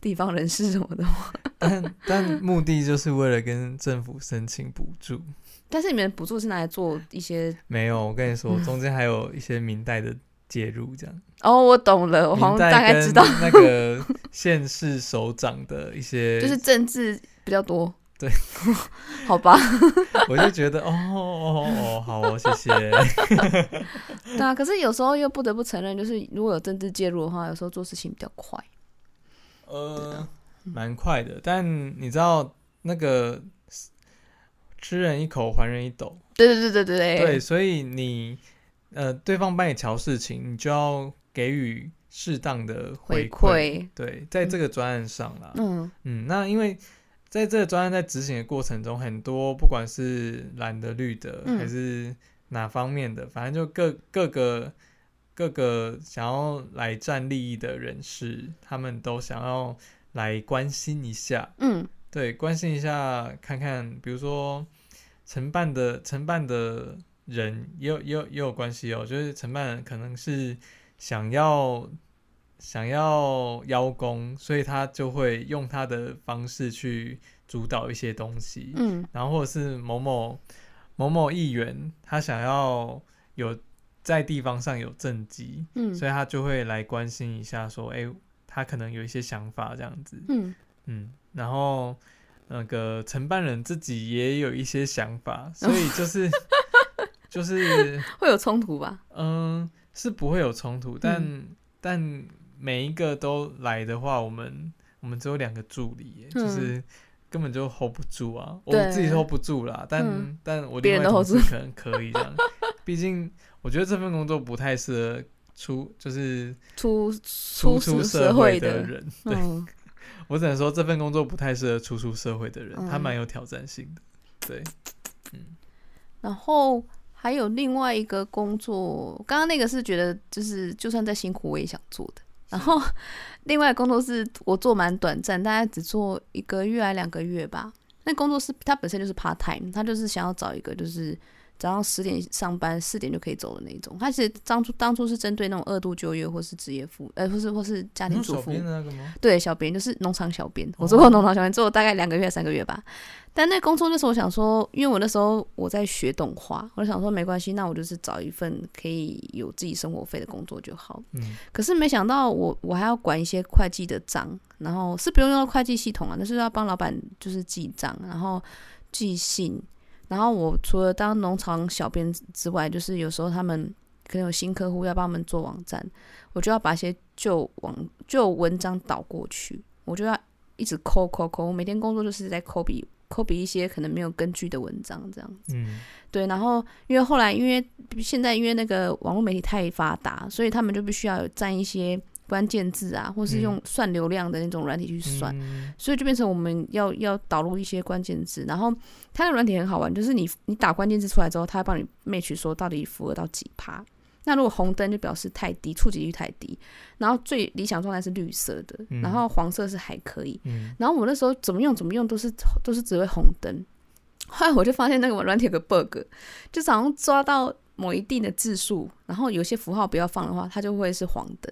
地方人士什麼的嗎？ [laughs] 但但目的就是為了跟政府申請補助。但是你們補助，是拿來做一些？沒有，我跟你說，嗯、中間還有一些民代的介入，這樣。哦，我懂了，我好像大概知道那個縣市首長的一些， [laughs] 就是政治比較多。對， [laughs] 好吧。 [laughs] 我就覺得 [laughs] 哦哦，哦，好哦，謝謝。對啊，可是有時候又不得不承認，就是如果有政治介入的話，有時候做事情比較快。呃，蠻快的，但你知道那個。吃人一口還人一斗，對對對對對對，所以你呃對方幫你喬事情，你就要給予適當的回饋。回饋對，在這個專案上啦，嗯嗯，那因為在這個專案在執行的過程中，很多不管是藍的綠的，還是哪方面的，嗯、反正就各各個各個想要來佔利益的人士，他們都想要來關心一下，嗯。對，關心一下，看看，比如說承辦的承辦的人也有也有也有關係哦。就是承辦可能是想要想要邀功，所以他就會用他的方式去主導一些東西。嗯，然後或者是某某某某議員，他想要有在地方上有政績，嗯，所以他就會來關心一下，說，哎、欸，他可能有一些想法這樣子。嗯。嗯然後那個承辦人自己也有一些想法，所以就是 [laughs] 就是 [laughs] 會有衝突吧？嗯，是不會有衝突，但、嗯、但每一個都來的話，我們我們只有兩個助理、嗯，就是根本就 hold 不住啊！我自己 hold 不住啦，但、嗯、但我另外同事可能可以這樣，畢 [laughs] 竟我覺得這份工作不太適合出，就是出初出，出，出社會的人，的對。嗯我只能說這份工作不太適合初出社會的人，它、嗯、蠻有挑戰性的。對，嗯。然後還有另外一個工作，剛剛那個是覺得就是就算再辛苦我也想做的。然後另外一個工作是我做蠻短暫，大概只做一個月還兩個月吧。那個、工作是它本身就是 part time，它就是想要找一個就是。早上十點上班，四、嗯、點就可以走的那種。它其實當初當初是針對那種二度就業或是職業婦，呃，不是，或是家庭主婦。對，小編就是農場小編、哦。我做過農場小編，做了大概兩個月、三個月吧。但那工作那時候我想說，因為我那時候我在學動畫，我就想說沒關係，那我就是找一份可以有自己生活費的工作就好、嗯。可是沒想到我我還要管一些會計的賬，然後是不用用到會計系統啊，那、就是要幫老板就是記賬，然後記信。然後我除了當農場小編之外，就是有時候他們可能有新客戶要幫他們做網站，我就要把一些舊網舊文章導過去，我就要一直摳摳摳，我每天工作就是在摳筆摳筆一些可能沒有根據的文章這樣子。嗯，對。然後因為後來因為現在因為那個網絡媒體太發達，所以他們就必須要有占一些。關鍵字啊，或是用算流量的那種軟體去算。嗯嗯，所以就變成我們要要導入一些關鍵字，然後它的軟體很好玩，就是你你打關鍵字出來之後，它會幫你 match 說到底符合到幾趴。那如果紅燈就表示太低，觸及率太低。然後最理想狀態是綠色的，然後黃色是還可以。嗯嗯。然後我那時候怎麼用怎麼用都是都是只會紅燈。後來我就發現那個軟體有個 bug，就好像抓到某一定的字數，然後有些符號不要放的話，它就會是黃燈。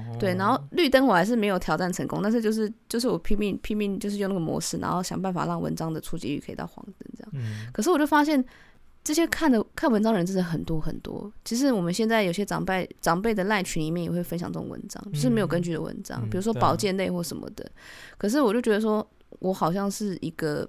[noise] 對，然後綠燈我還是沒有挑戰成功，但是就是就是我拼命拼命就是用那個模式，然後想辦法讓文章的觸及率可以到黃燈這樣、嗯。可是我就發現，這些看的看文章的人真的很多很多。其實我們現在有些長輩長輩的賴群裡面也會分享這種文章，就是沒有根據的文章，嗯、比如說保健類或什麼的、嗯。可是我就覺得說，我好像是一個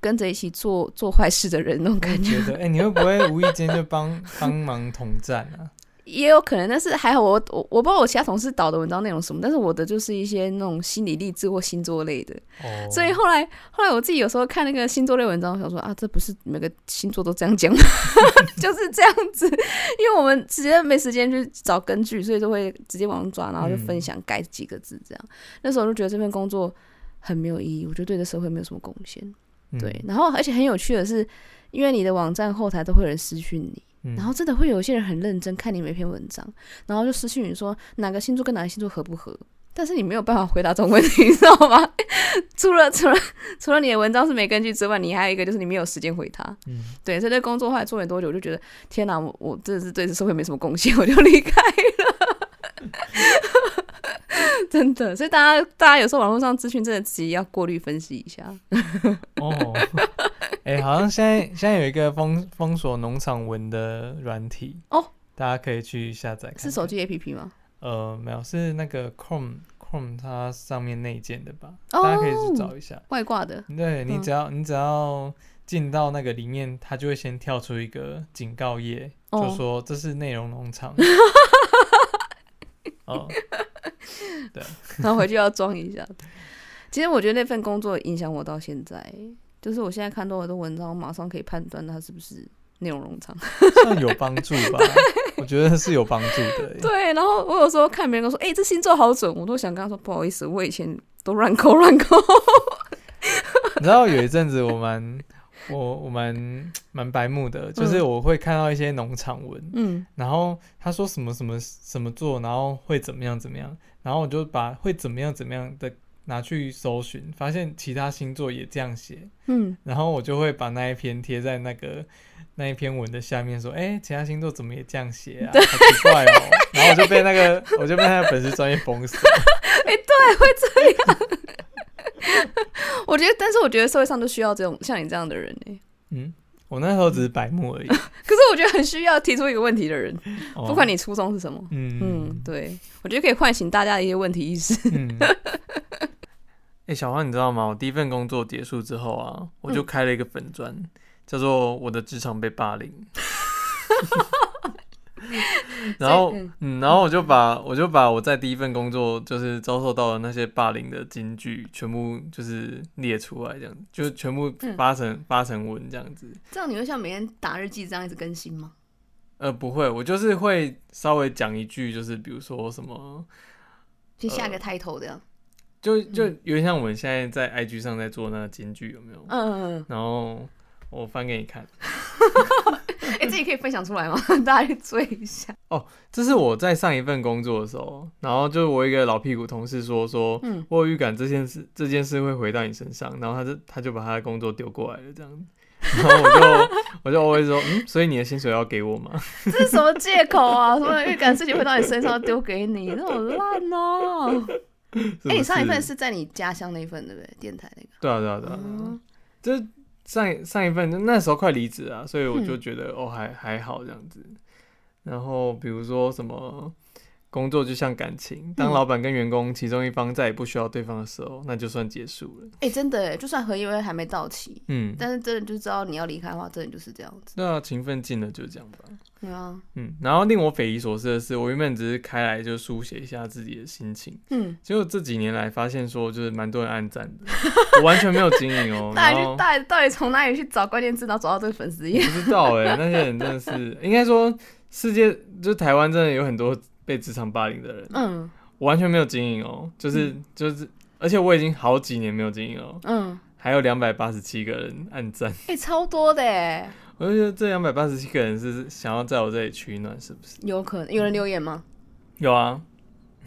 跟着一起做做壞事的人，那種感覺。哎、欸，你會不會無意間就幫幫 [laughs] 忙統戰啊？也有可能，但是還好我，我我我不知道我其他同事導的文章內容什麼，但是我的就是一些那種心理勵志或星座類的，Oh. 所以後來後來我自己有時候看那個星座類文章，我想說啊，這不是每個星座都這樣講？ [laughs] 就是這樣子，因為我們直接沒時間去找根據，所以就會直接往上抓，然後就分享改幾個字這樣、嗯。那時候我就覺得這份工作很沒有意義，我覺得對這社會沒有什麼貢獻。對，嗯、然後而且很有趣的是，因為你的網站後台都會有人私訊你。然後真的會有一些人很認真看你每篇文章，嗯，然後就私信你說哪個星座跟哪個星座合不合，但是你沒有辦法回答這種問題，你知道嗎？除了除了除了你的文章是沒根據之外，你還有一個就是你沒有時間回他。嗯，對，所以對工作後來做了多久，我就覺得天哪，我我真的是對這社會沒什麼貢獻，我就離開了。嗯 [laughs] 真的，所以大家，大家有時候網絡上資訊真的自己要過濾分析一下。哦，哎，好像現在現在有一個封封鎖農場文的軟體哦，oh, 大家可以去下載看。是手機 APP 嗎？呃，沒有，是那個 Chrome Chrome 它上面內建的吧？Oh, 大家可以去找一下外掛的。對，你只要你只要進到那個裡面，它就會先跳出一個警告頁，oh. 就說這是內容農場。 [laughs] 哦，對，然後回去要裝一下。 [laughs] 其實我覺得那份工作影響我到現在，就是我現在看任何的文章，我馬上可以判斷它是不是內容冗長，算有幫助吧？我覺得是有幫助的。對，然後我有時候看別人都說，哎、欸，這星座好準，我都想跟他說，不好意思，我以前都亂勾亂勾。然後有一陣子我們 [laughs] 我我蠻蠻白目的，就是我會看到一些農場文，嗯，然後他說什麼什麼什麼座，然後會怎麼樣怎麼樣，然後我就把會怎麼樣怎麼樣的拿去搜尋，發現其他星座也這樣寫，嗯，然後我就會把那一篇貼在那個那一篇文的下面說，說、欸、哎，其他星座怎麼也這樣寫啊，好奇怪哦，然後我就被那個 [laughs] 我就被他的粉絲專業崩死了，哎、欸，對，會這樣。 [laughs] [laughs] 我覺得，但是我覺得社會上都需要這種像你這樣的人。嗯，我那時候只是白目而已。 [laughs] 可是我覺得很需要提出一個問題的人，哦、啊、不管你初衷是什麼，嗯、嗯對，我覺得可以喚醒大家的一些問題意識。哎、嗯 [laughs] 欸，小花，你知道嗎？我第一份工作結束之後啊，我就開了一個粉專、嗯，叫做《我的職場被霸凌。》 [laughs] [laughs] [laughs] 然後、嗯嗯，然後我就把、嗯、我就把我在第一份工作就是遭受到的那些霸凌的金句，全部就是列出來，這樣就全部發成、嗯、發成文這樣子。這樣你會像每天打日記這樣一直更新嗎？呃，不會，我就是會稍微講一句，就是比如說什麼，就下個抬頭的、啊呃，就就有點像我們現在在 IG 上在做那個金句有沒有？嗯嗯。然後我翻給你看。 [laughs] 哎、欸，自己可以分享出來嗎？ [laughs] 大家去追一下哦。這是我在上一份工作的時候，然後就是我一個老屁股同事說說，嗯，我有預感這件事這件事會回到你身上，然後他就他就把他的工作丟過來了這樣，然後我就 [laughs] 我就偶爾說，嗯，所以你的薪水要給我嗎？這是什麼借口啊？ [laughs] 什麼有預感自己回到你身上丟給你？那好爛哦、喔！哎，欸，你上一份是在你家鄉那份對不對？電台那個？對啊對啊對啊，嗯就上上一份，那時候快離職啊，所以我就覺得、嗯、哦還還好這樣子，然後比如說什麼。工作就像感情，當老板跟員工其中一方再也不需要對方的時候，嗯、那就算結束了。哎、欸，真的哎，就算合約還沒到期，嗯，但是真的就知道你要離開的話，真的就是這樣子。那勤、啊、情分盡了就這樣吧。對、嗯、啊，嗯。然後令我匪夷所思的是，我原本只是開來就書寫一下自己的心情，嗯，結果這幾年來發現說，就是蠻多人按讚的。 [laughs] 我完全沒有經營哦、喔。 [laughs] 到底到底到底從哪裡去找關鍵字，找找到這個粉絲頁不知道哎，那些人真的是， [laughs] 應該說世界就是台灣真的有很多，被職場霸凌的人，嗯，我完全沒有經營哦、喔，就是、嗯、就是，而且我已經好幾年沒有經營哦、喔，嗯，還有兩百八十七個人按讚，誒、欸，超多的、欸，我就覺得這兩百八十七個人是想要在我這裡取暖，是不是？有可能，有人留言嗎？嗯、有啊。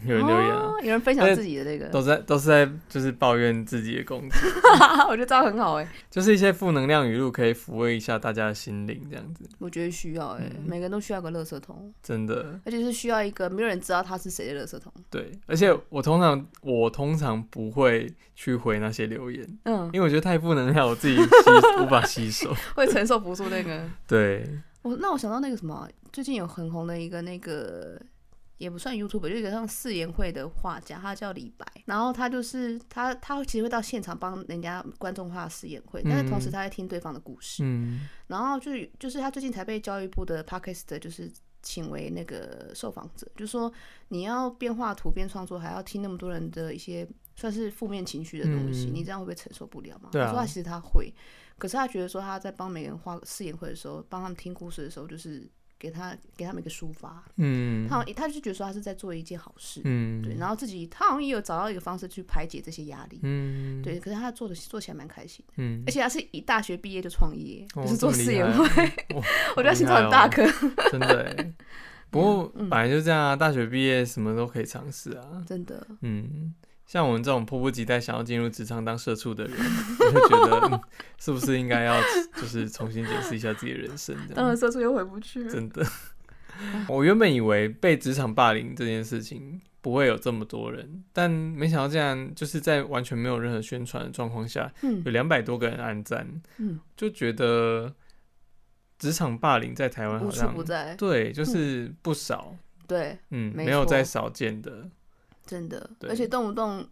有人留言、啊哦，有人分享自己的這個，都是在都是在就是抱怨自己的工作， [laughs] 我覺得這樣很好誒、欸，就是一些負能量語錄可以撫慰一下大家的心靈，這樣子我覺得需要誒、欸嗯，每個人都需要個垃圾桶，真的，而且是需要一個沒有人知道他是誰的垃圾桶。對，而且我通常我通常不會去回那些留言，嗯，因為我覺得太負能量，我自己吸無法 [laughs] 吸收， [laughs] 會承受不住那個。對，我那我想到那個什麼，最近有很紅的一個那個。也不算 YouTuber，就有一個像誓言會的畫家，他叫李白。然後他就是他他其實會到現場幫人家觀眾畫誓言會，但是同時他在聽對方的故事。嗯、然後就是就是他最近才被教育部的 Podcast 就是請為那個受訪者，就說你要邊畫圖邊創作，還要聽那麼多人的一些算是負面情緒的東西、嗯，你這樣會不會承受不了嘛、啊？他說他其實他會，可是他覺得說他在幫每個人畫誓言會的時候，幫他們聽故事的時候，就是。給他給他們一個抒發，嗯，他好像他就覺得說他是在做一件好事，嗯，對，然後自己他好像也有找到一個方式去排解這些壓力，嗯，對。可是他做的做起來蠻開心的，嗯，而且他是以大學畢業就創業、哦，就是做事業。會、哦，哦、 [laughs] 我覺得心臟很大，顆、哦、真的 [laughs] 嗯。不過本來就這樣啊，大學畢業什麼都可以嘗試啊，真的，嗯。像我們這種迫不及待想要進入職場當社畜的人， [laughs] 就覺得是不是應該要就是重新檢視一下自己的人生？當然，社畜又回不去了。真的， [laughs] 我原本以為被職場霸凌這件事情不會有這麼多人，但沒想到竟然就是在完全沒有任何宣傳的狀況下，嗯、有兩百多個人按讚、嗯，就覺得職場霸凌在台灣好像無處不在。對，就是不少。嗯、對，嗯，沒，沒有再少見的。真的，而且動不動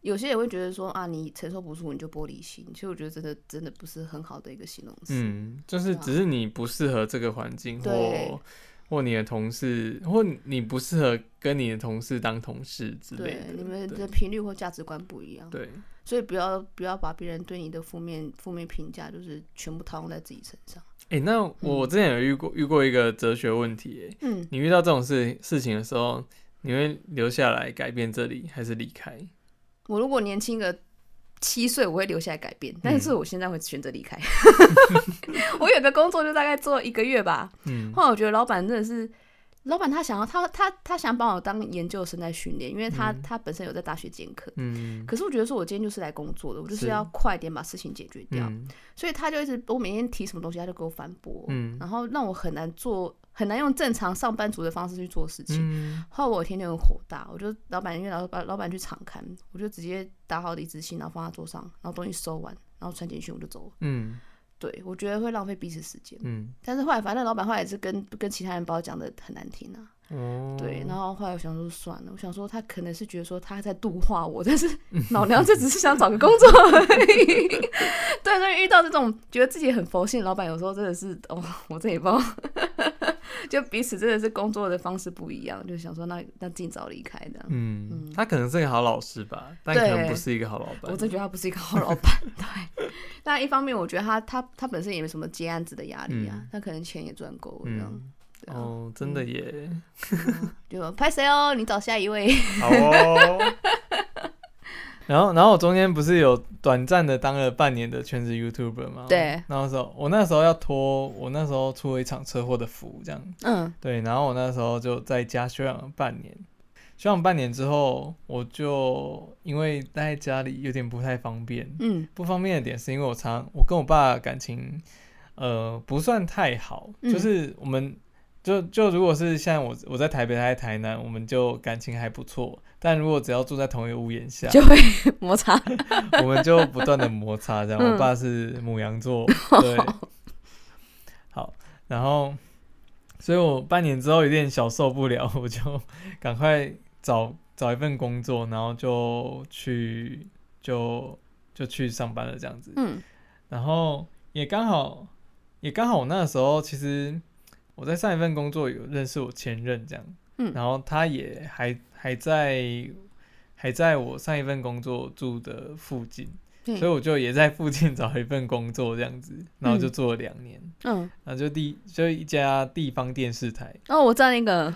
有些人也會覺得說啊，你承受不住，你就玻璃心。所以我覺得真的真的不是很好的一個形容詞。嗯，就是只是你不適合這個環境，或或你的同事，或你不適合跟你的同事當同事之類的。對，你們的頻率或價值觀不一樣。對，所以不要不要把別人對你的負面負面評價，就是全部套用在自己身上。誒、欸，那我之前有遇過、嗯、遇過一個哲學問題。嗯，你遇到這種事事情的時候。你會留下來改變這裡，還是離開？我如果年輕個七歲，我會留下來改變，嗯、但是，是我現在會選擇離開。 [laughs] 我有個工作就大概做一個月吧，後、嗯、來我，我覺得老闆真的是，老闆他想要他他他想把我當研究生在訓練，因為他、嗯、他本身有在大學兼課、嗯，可是我覺得說我今天就是來工作的，我就是要快點把事情解決掉，嗯、所以他就一直我每天提什麼東西，他就給我反駁、嗯，然後讓我很難做。很難用正常上班族的方式去做事情。嗯、後來我天天很火大，我就老板因為老老板去敞開，我就直接打好離職信，然後放他桌上，然後東西收完，然後傳簡訊，我就走了。嗯，對，我覺得會浪費彼此時間。嗯，但是後來反正老板後來也是跟跟其他人把我講的很難聽啊。嗯、哦，對，然後後來我想說算了，我想說他可能是覺得說他在度化我，但是老娘這只是想找個工作而已。 [laughs] [laughs] 對，所以遇到這種覺得自己很佛系的老板，有時候真的是哦，我這也不好。 [laughs] 就彼此真的是工作的方式不一樣，就想說那那盡早離開這樣嗯。嗯，他可能是個好老師吧，但可能不是一個好老闆。我真覺得他不是一個好老闆， [laughs] 對。但一方面，我覺得他他他本身也沒什麼接案子的壓力啊、嗯，他可能錢也賺夠這樣。哦，真的耶！ [laughs] 就拍誰哦，你找下一位。好哦。然後，然後我中間不是有短暫的當了半年的全職 YouTuber 嗎？對。那時候，我那時候要拖，我那時候出了一場車禍的福，這樣。嗯。對，然後我那時候就在家休養了半年。休養半年之後，我就因為待在家裡有點不太方便。嗯。不方便的點是因為我常我跟我爸感情，呃，不算太好，嗯、就是我們就就如果是像我我在台北他在台南，我們就感情還不錯。但如果只要住在同一個屋檐下，就會摩擦。 [laughs] 我們就不斷的摩擦，這樣、嗯。我爸是牡羊座，對。 [laughs] 好，然後，所以我半年之後有點小受不了，我就趕快找找一份工作，然後就去就就去上班了，這樣子。嗯、然後也剛好也剛好，我那時候其實我在上一份工作有認識我前任，這樣、嗯。然後他也還。還在，還在我上一份工作住的附近，所以我就也在附近找一份工作這樣子，然後就做了兩年，嗯，然後就第就一家地方電視台。哦，我在那個，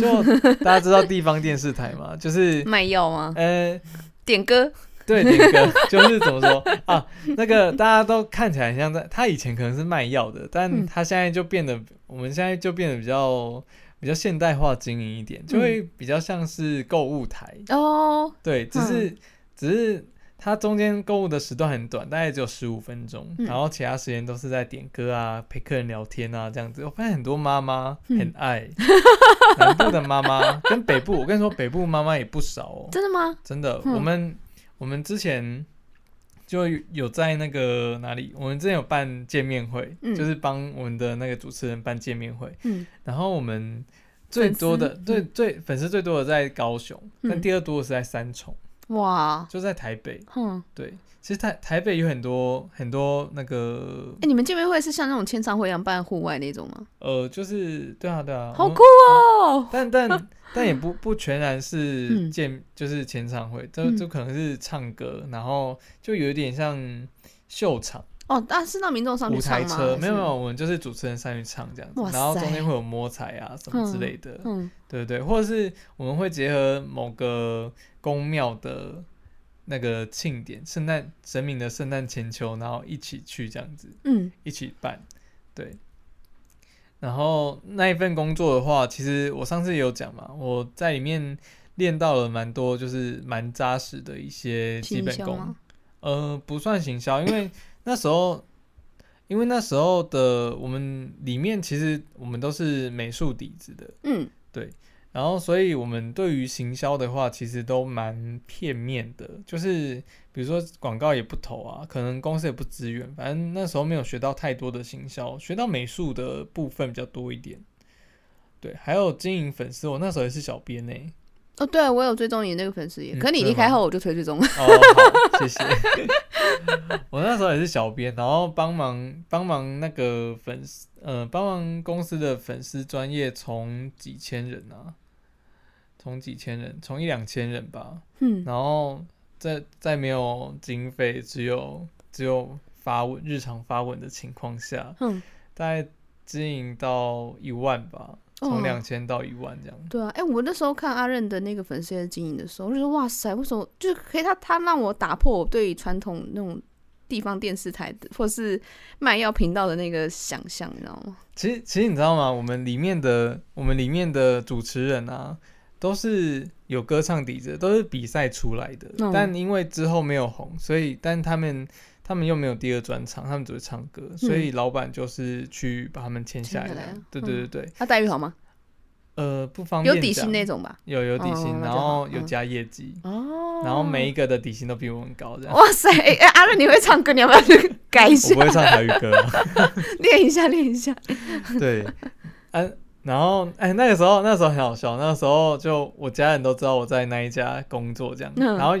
就大家知道地方電視台嗎？ [laughs] 就是賣藥嗎？呃，點歌，對，點歌，就是怎麼說 [laughs] 啊？那個大家都看起來很像在，他以前可能是賣藥的，但他現在就變得，嗯、我們現在就變得比較。比較現代化經營一點、嗯，就會比較像是購物台哦，對，只是、嗯、只是它中間購物的時段很短，大概只有十五分鐘、嗯，然後其他時間都是在點歌啊、陪客人聊天啊這樣子。我發現很多媽媽很愛、嗯，南部的媽媽 [laughs] 跟北部，我跟你說北部媽媽也不少哦、喔，真的嗎？真的，嗯、我們我們之前。就有在那個哪裡，我們之前有辦見面會，嗯、就是幫我們的那個主持人辦見面會。嗯、然後我們最多的、最最粉絲、嗯、最多的在高雄、嗯，但第二多的是在三重。哇！就在台北。嗯，對，其實台台北有很多很多那個。哎、欸，你們見面會是像那種簽唱會一樣辦戶外那種嗎？呃，就是對啊，對啊，好酷哦！但、嗯嗯、但。但啊但也不不全然是見，嗯、就是簽唱會，就就可能是唱歌，然後就有點像秀場哦，但是那民眾上舞台唱嗎？舞台車沒有沒有，我們就是主持人上去唱這樣子，然後中間會有摸彩啊什麼之類的嗯，嗯，對對對，或者是我們會結合某個宮廟的那個慶典，聖誕神明的聖誕千秋，然後一起去這樣子，嗯、一起辦，對。然後那一份工作的話，其實我上次也有講嘛，我在裡面練到了蠻多，就是蠻扎實的一些基本功。呃，不算行銷，因為那時候， [coughs] 因為那時候的我們裡面，其實我們都是美術底子的。嗯，對。然後，所以我們對於行銷的話，其實都蠻片面的，就是比如說廣告也不投啊，可能公司也不支援，反正那時候沒有學到太多的行銷，學到美術的部分比較多一點。對，還有經營粉絲，我那時候也是小編呢。哦，對啊，我有追蹤你那個粉絲也，嗯、可你離開後我就退追蹤哦，好，謝謝。 [laughs] 我那時候也是小編，然後幫忙幫忙那個粉絲，呃，幫忙公司的粉絲專頁從幾千人啊。從幾千人，從一兩千人吧，嗯，然後在在沒有經費，只有只有發文日常發文的情況下，嗯，大概經營到一萬吧，從、哦、兩千到一萬這樣。對啊，哎、欸，我那時候看阿任的那個粉絲在經營的時候，我就說哇塞，為什麼就可以他？他他讓我打破我對傳統那種地方電視台的或是賣藥頻道的那個想象，你知道嗎？其實其實你知道嗎？我們裡面的我們裡面的主持人啊。都是有歌唱底子的，都是比賽出來的，哦，但因為之後沒有紅，所以但他們他們又沒有第二專場，他們只會唱歌，所以老闆就是去把他們簽下來，嗯。對對對對。他、嗯啊、待遇好嗎？呃，不方便。有底薪那種吧？有有底薪，哦，然後有加業績。哦。然後每一個的底薪都比我們高這樣。哇塞！哎、欸欸，阿任你會唱歌，你要不要去改一下？ [laughs] 我不會唱台語歌，啊，練 [laughs] 一下，練一下。對，啊然後，哎、欸，那個時候，那個、時候很好笑。那個時候，就我家人都知道我在那一家工作這樣、嗯。然後，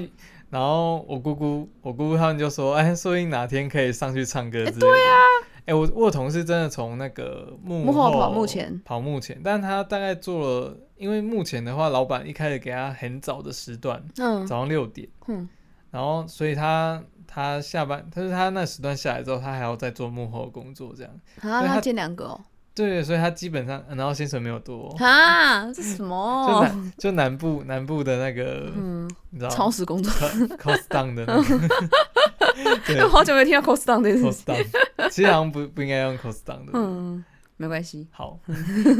然後我姑姑，我姑姑他們就說：“哎、欸，所以哪天可以上去唱歌之類的、欸？”對呀、啊。哎、欸，我我同事真的從那個幕後，幕後跑幕前，跑幕前，但是他大概做了，因為幕前的話，老闆一開始給他很早的時段，嗯、早上六點、嗯，然後所以他他下班，他、就是他那時段下來之後，他還要再做幕後工作這樣。啊，他兼兩個哦。對，所以他基本上，然後薪水沒有多哈？這是什麼？ [laughs] 就南，就南部南部的那個，嗯、你知道嗎？超時工作 [laughs] Co,，cost down 的那個。嗯、 [laughs] [laughs] 對，好久沒有聽到 cost down 的。cost down。其實好像不不應該用 cost down 的。嗯，沒關係。好，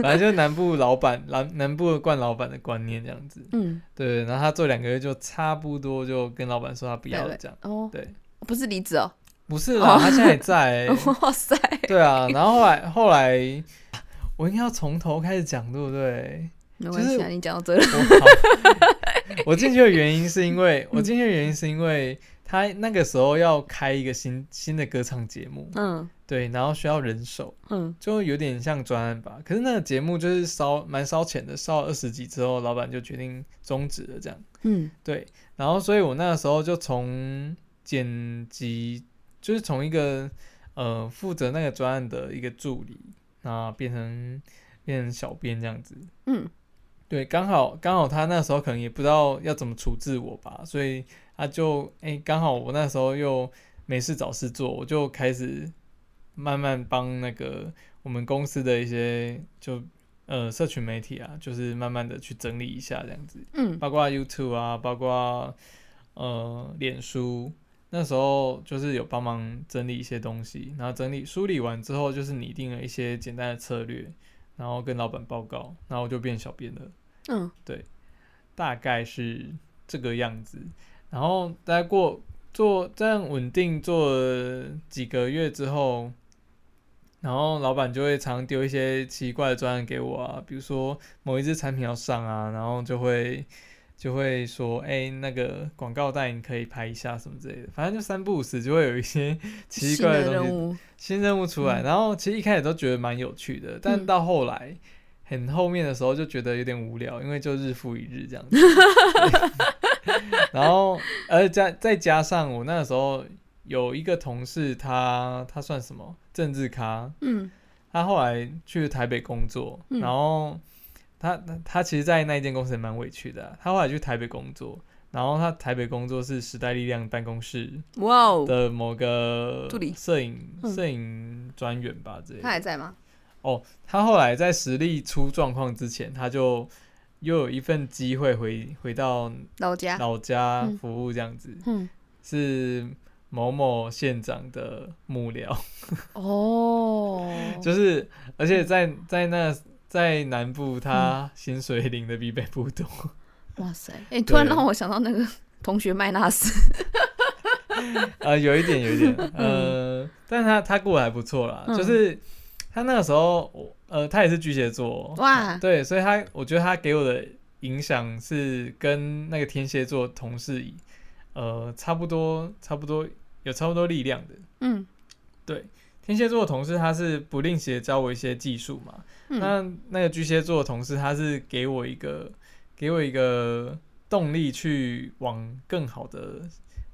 反正就南部老闆南南部的慣老闆的觀念這樣子。嗯。對，然後他做兩個月就差不多，就跟老闆說他不要了這樣。哦。對，不是離職哦。不是啦、哦，他現在也在、欸。哇塞！對啊，然後後來後來，我應該要從頭開始講，對不對？沒關係、就是啊，你講到最。 [laughs] 我進去的原因是因為我進去的原因是因為他那個時候要開一個新新的歌唱節目，嗯，對，然後需要人手，嗯，就有點像專案吧、嗯。可是那個節目就是燒蠻燒錢的，燒了二十集之後，老板就決定終止了，這樣，嗯，對。然後，所以我那個時候就從剪輯。就是從一個呃負責那個專案的一個助理然後、啊、變成變成小編這樣子。嗯，對，剛好剛好他那時候可能也不知道要怎麼處置我吧，所以他就哎，欸、剛好我那時候又沒事找事做，我就開始慢慢幫那個我們公司的一些就呃社群媒體啊，就是慢慢的去整理一下這樣子。嗯，包括 YouTube 啊，包括呃臉書。那時候就是有幫忙整理一些東西，然後整理梳理完之後，就是擬定了一些簡單的策略，然後跟老闆報告，然後就變小編了。嗯，對，大概是這個樣子。然後待過做這樣穩定做了幾個月之後，然後老闆就會常丟一些奇怪的專案給我啊，比如說某一支產品要上啊，然後就會。就會說，哎、欸，那個廣告帶你可以拍一下什麼之類的，反正就三不五時就會有一些奇怪的任務、新任務出來、嗯。然後其實一開始都覺得蠻有趣的、嗯，但到後來很後面的時候就覺得有點無聊，因為就日復一日這樣子。嗯、 [laughs] [laughs] 然後，而再加再加上我那個時候有一個同事他，他他算什麼政治咖、嗯？他後來去台北工作，嗯、然後。他他其實，在那一間公司也蠻委屈的、啊。他後來去台北工作，然後他台北工作是時代力量辦公室的某個攝影、哦、攝影專員吧，嗯、這他還在嗎？哦、oh，他後來在實力出狀況之前，他就又有一份機會回回到老家老家服務，這樣子。嗯，是某某縣長的幕僚。 [laughs] 哦，就是而且在在那個。在南部，他薪水領的比北部多。嗯、哇塞！誒、欸，突然讓我想到那個同學麥納斯。 [laughs] [laughs] 呃，有一點，有一點，呃，嗯、但是他他過得還不錯啦、嗯，就是他那個時候，呃，他也是巨蟹座。哇！對，所以他，我覺得他給我的影響是跟那個天蠍座同事，呃，差不多，差不多有差不多力量的。嗯，對。天蠍座的同事，他是不吝惜教我一些技術嘛、嗯？那那個巨蟹座的同事，他是給我一個給我一個動力去往更好的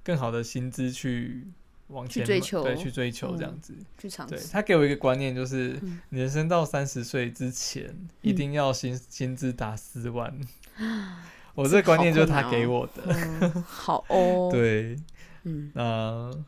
更好的薪資去往前去追求，對，去追求這樣子。嗯、去嘗試對，他給我一個觀念，就是、嗯、人生到三十歲之前，一定要薪薪資達四萬。嗯嗯、 [laughs] 我這個觀念就是他給我的。好哦， [laughs] 嗯、好哦。對，嗯，那、呃。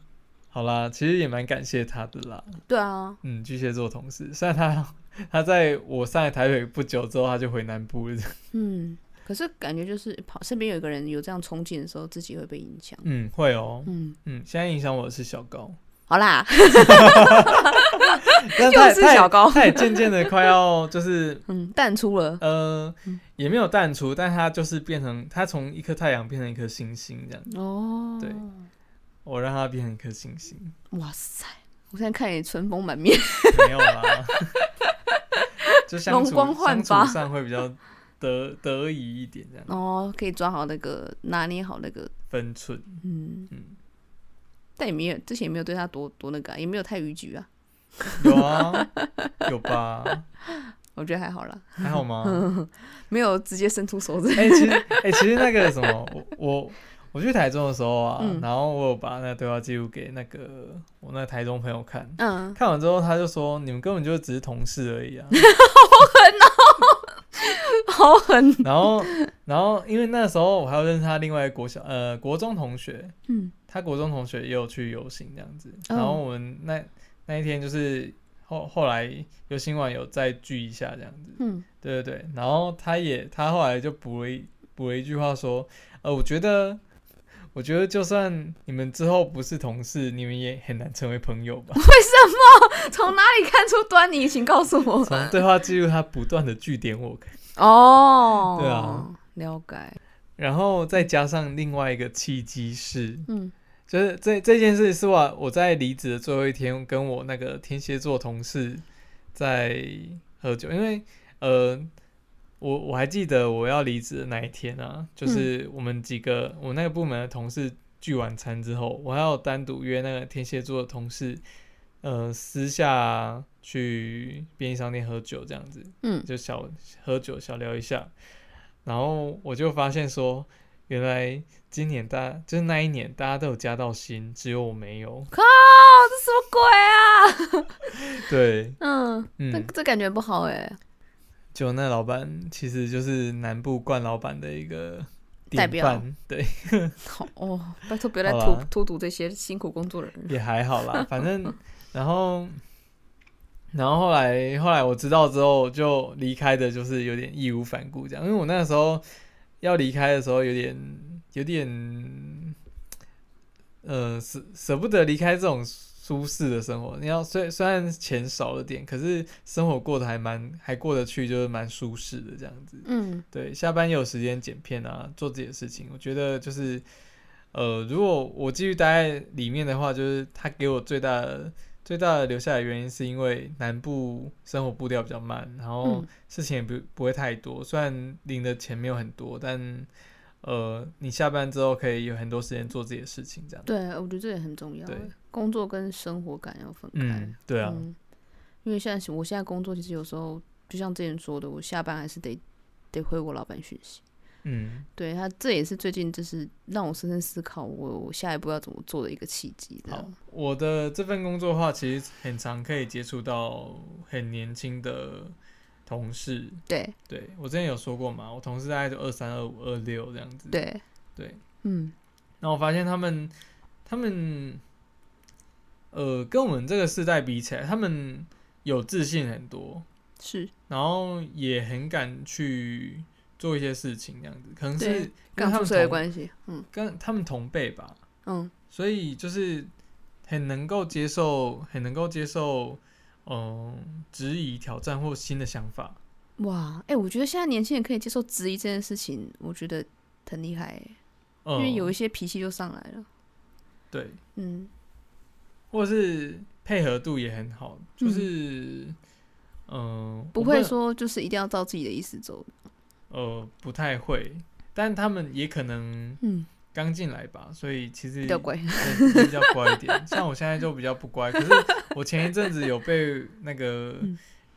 好啦，其實也蠻感謝他的啦。對啊，嗯，巨蟹座同事，雖然他他在我上來台北不久之後，他就回南部了。嗯，可是感覺就是跑身邊有一個人有這樣衝勁的時候，自己會被影響。嗯，會哦。嗯嗯，現在影響我是小高。好啦， [laughs] [laughs] 又是小高，他也漸漸的快要就是嗯淡出了。呃，也沒有淡出，但他就是變成他從一顆太陽變成一顆星星這樣。哦，對。我讓他變成一顆星星。哇塞！我現在看你春風滿面。 [laughs] 沒有啦、啊。 [laughs] 就像容光煥發，相處上會比較得 [laughs] 得意一點這樣哦，可以抓好那個，拿捏好那個分寸。嗯嗯。但也沒有，之前也沒有對他多多那個、啊，也沒有太逾矩啊。 [laughs] 有啊，有吧？ [laughs] 我覺得還好啦。還好嗎？嗯、沒有直接伸出手指。哎、欸，其實，哎、欸，其實那個什麼，我。我我去台中的時候啊，嗯、然後我有把那個對話記錄給那個我那個台中朋友看、嗯，看完之後他就說：“你們根本就只是同事而已啊！” [laughs] 好狠啊、喔，好狠。然後，然後因為那時候我還有認識他另外一個國小呃國中同學，嗯，他國中同學也有去遊行這樣子。然後我們那、嗯、那一天就是後後來遊行完有再聚一下這樣子，嗯，對對對。然後他也他後來就補了一補了一句話說：“呃，我覺得。”我覺得，就算你們之後不是同事，你們也很難成為朋友吧？為什麼？從哪裡看出端倪？請告訴我。從 [laughs] 對話記錄，他不斷的句點我。哦、oh, [laughs] 對啊，了解。然後再加上另外一個契機是，嗯，就是這這件事是我我在離職的最後一天，跟我那個天蠍座同事在喝酒，因為呃。我我還記得我要離職的那一天啊，就是我們幾個、嗯、我那個部門的同事聚完餐之後，我還有單獨約那個天蠍座的同事，呃，私下去便利商店喝酒這樣子，嗯，就小，小喝酒小聊一下，然後我就發現說，原來今年大就是那一年大家都有加到薪，只有我沒有，靠，啊，這什麼鬼啊？ [laughs] 對，嗯，那、嗯、這感覺不好哎、欸。就那老闆，其實就是南部冠老闆的一個代表。對， [laughs] [laughs] 哦，拜託別來荼荼毒這些辛苦工作人。也還好啦，反正 [laughs] 然後然後後來後來我知道之後就離開的，就是有點義無反顧這樣。因為我那時候要離開的時候有，有點有點呃舍捨不得離開這種。舒適的生活，你要雖雖然錢少了點，可是生活過得還蠻還過得去，就是蠻舒適的這樣子。嗯，對，下班也有時間剪片啊，做自己的事情。我覺得就是，呃，如果我繼續待在裡面的話，就是他給我最大的最大的留下的原因，是因為南部生活步調比較慢，然後事情也不不會太多。雖然領的錢沒有很多，但呃，你下班之後可以有很多時間做自己的事情，這樣。對，我覺得這也很重要。對，工作跟生活感要分開。嗯、對啊。嗯、因為現在是我現在工作，其實有時候就像之前說的，我下班還是得得回我老闆訊息。嗯。對他，這也是最近就是讓我深深思考，我我下一步要怎麼做的一個契機。好，我的這份工作的話，其實很常可以接觸到很年輕的。同事對，對，我之前有說過嘛，我同事大概就二三二五二六這樣子。對對，嗯，然後我發現他們他們，呃，跟我們這個世代比起來，他們有自信很多，是，然後也很敢去做一些事情，這樣子，可能是跟他們同關係，嗯，跟他們同輩吧，嗯，所以就是很能夠接受，很能夠接受，嗯、呃，質疑、挑戰或新的想法。哇，哎、欸，我覺得現在年輕人可以接受質疑這件事情，我覺得很厲害、呃。因為有一些脾氣就上來了。對，嗯，或者是配合度也很好，就是嗯、呃，不會說就是一定要照自己的意思走。呃，不太會，但他們也可能嗯。剛進來吧，所以其實、嗯、比較乖一點。 [laughs] 像我現在就比較不乖，可是我前一陣子有被那個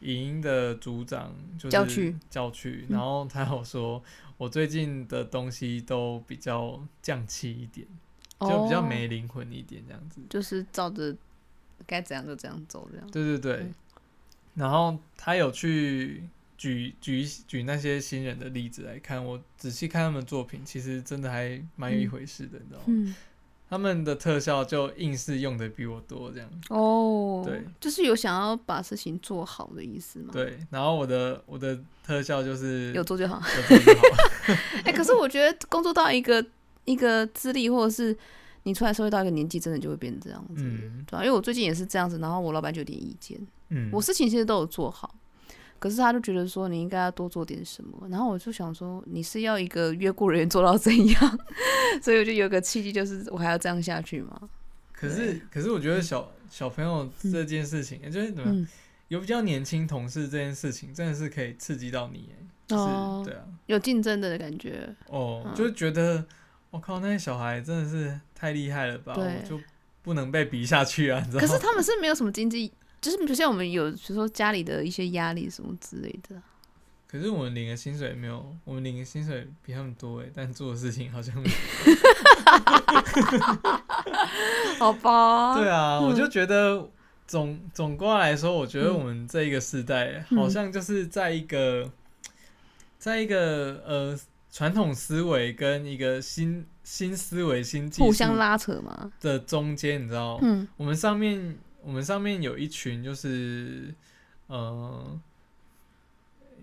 影音的組長就是叫去，叫、嗯、去，然後他有說我最近的東西都比較匠氣一點、嗯，就比較沒靈魂一點這樣子。就是照着該怎樣就這樣走這樣。對對對、嗯，然後他有去。舉舉舉那些新人的例子來看，我仔細看他們的作品，其實真的還蠻有一回事的，嗯、你知道嗎、嗯？他們的特效就硬是用的比我多，這樣。哦，對，就是有想要把事情做好的意思嘛。對，然後我的我的特效就是有做就好。有做就好。哎、 [laughs] [laughs] 欸，可是我覺得工作到一個一個資歷，或者是你出來社會到一個年紀，真的就會變成這樣子。主、嗯、要因為我最近也是這樣子，然後我老板就有點意見。嗯，我事情其實都有做好。可是他就覺得說，你應該要多做點什麼，然後我就想說，你是要一個約僱人員做到怎樣？ [laughs] 所以我就有個契機，就是我還要這樣下去嗎？可是可是我覺得小、嗯、小朋友這件事情，嗯欸、就是怎麼、嗯、有比較年輕同事這件事情，真的是可以刺激到你，就、哦、是對啊，有競爭的感覺哦、嗯，就覺得我、哦、靠那些、個、小孩真的是太厲害了吧，就不能被比下去啊，可是他們是沒有什麼經濟。就是，不像我們有，比如說家裡的一些壓力什麼之類的。可是我們領的薪水沒有，我們領的薪水比他們多誒，但做的事情好像沒有。 [laughs] [laughs] 好吧、啊。對啊，我就覺得總、嗯、總括來說，我覺得我們這一個時代好像就是在一個，嗯、在一個呃傳統思維跟一個新新思維新技術互相拉扯嘛的中間，你知道？嗯，我們上面。我們上面有一群就是，嗯、呃，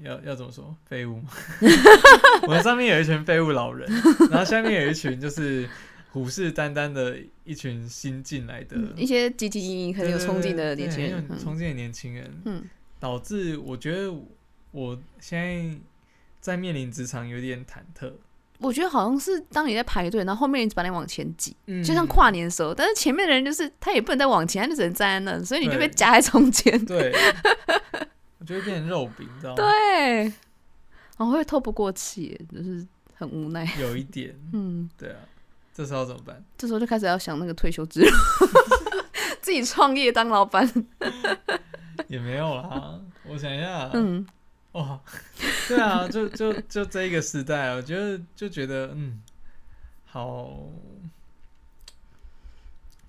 要要怎麼說，廢物嗎？ [laughs] [laughs] 我們上面有一群廢物老人， [laughs] 然後下面有一群就是虎視眈眈的一群新進來的，嗯、一些積極、積極很有衝勁的年輕人，衝勁的年輕人，嗯，導致我覺得我現在在面臨職場有點忐忑。我覺得好像是當你在排隊，然後後面一直把你往前擠，嗯，就像跨年的時候，但是前面的人就是他也不能再往前，他就只能站在那，所以你就被夾在中間。對，對 [laughs] 我覺得變成肉餅，你知道嗎？對，然後會透不過氣，就是很無奈。有一點， [laughs] 嗯，對啊，這時候怎麼辦？這時候就開始要想那個退休之路， [laughs] [laughs] 自己創業當老板。 [laughs] 也沒有啦。我想一下。嗯。哦，對啊，就就就這一個時代， [laughs] 我覺得就覺得嗯，好，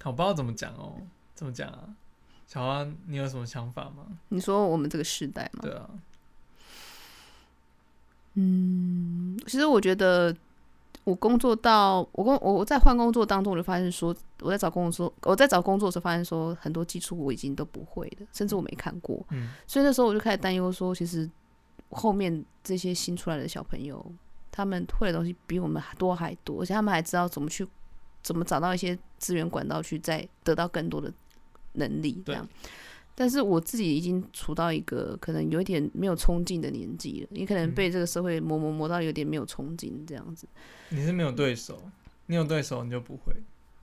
我不知道怎麼講哦，怎麼講啊？小花，你有什麼想法嗎？你說我們這個時代嗎？對啊，嗯，其實我覺得我工作到我工我在換工作當中，我就發現說我在找工作，我在找工作的時候發現說很多基礎我已經都不會的，甚至我沒看過，嗯，所以那時候我就開始擔憂說，其實。後面這些新出來的小朋友，他們會的東西比我們多還多，而且他們還知道怎麼去，怎麼找到一些資源管道去再得到更多的能力這樣。但是我自己已經處到一個可能有一點沒有衝勁的年紀了，你可能被這個社會磨磨磨到有點沒有衝勁這樣子。你是沒有對手，你有對手你就不會。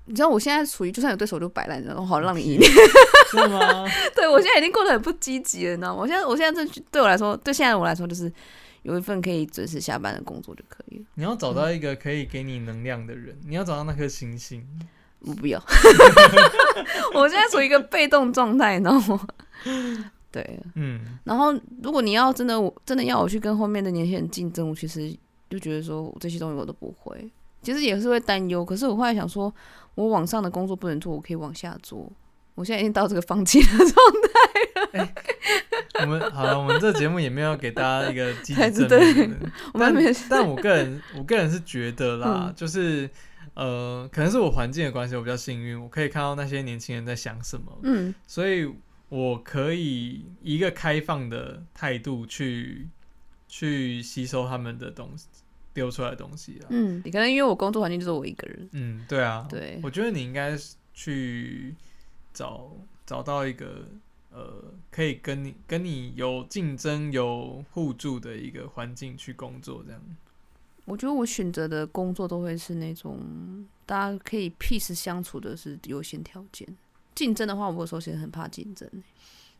你知道我現在處於就算有對手我就來，就擺爛，然後好讓你贏。 [laughs] 是嗎？ [laughs] 對，我現在已經過得很不積極了。你知道嗎？我現在，我現在正對我來說，對現在我來說，就是有一份可以準時下班的工作就可以了。你要找到一個可以給你能量的人，嗯、你要找到那顆星星。我不要， [laughs] [laughs] [laughs] 我現在處於一個被動狀態，你知道嗎？ [laughs] 對，嗯。然後，如果你要真的我，我真的要我去跟後面的年輕人競爭，我其實就覺得說這些東西我都不會，其實也是會擔憂。可是我後來想說，我往上的工作不能做，我可以往下做。我現在已經到這個放棄的狀態了、欸。 [laughs] 我們好了、啊，我們這個節目也沒有給大家一個積極正面。但我個人我個人是覺得啦，嗯、就是呃，可能是我環境的關係，我比較幸運，我可以看到那些年輕人在想什麼。嗯、所以我可以，以一個開放的態度去去吸收他們的東西，丟出來的東西。嗯，你可能因為我工作環境就是我一個人。嗯，對啊。對，我覺得你應該去。找找到一個呃，可以跟你跟你有競爭有互助的一個環境去工作，這樣，我覺得我選擇的工作都會是那種大家可以 peace 相處的，是優先條件。競爭的話，我有時候其實很怕競爭、欸。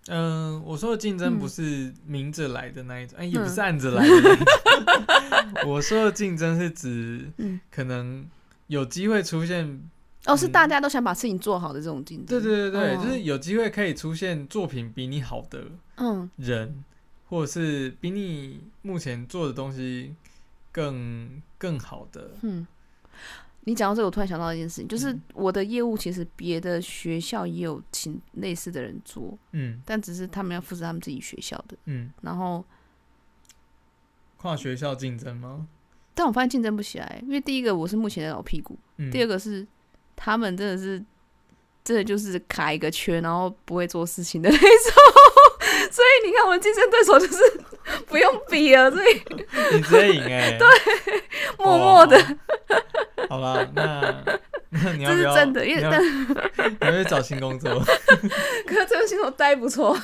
嗯、呃，我說的競爭不是明着來的那一種，哎、嗯欸，也不是暗着來的。嗯、 [laughs] [laughs] 我說的競爭是指、嗯、可能有機會出現。哦，是大家都想把事情做好的這種競爭、嗯。對對對對、哦，就是有機會可以出現作品比你好的人，嗯、或者是比你目前做的東西更更好的。嗯，你講到這個，我突然想到一件事情，就是我的業務其實別的學校也有請類似的人做，嗯，但只是他們要負責他們自己學校的，嗯，然後跨學校競爭嗎？但我發現競爭不起來，因為第一個我是目前的老屁股，嗯、第二個是。他們真的是，真的就是卡一個圈，然後不會做事情的那種。 [laughs] 所以你看，我們競爭對手就是不用比了，所以你直接贏哎、欸。 [laughs] 對，默默的。哦、好了那，那你要不要 [laughs] 這是真的，因為但我準找新工作。 [laughs] [laughs] 可是這個新手待不錯，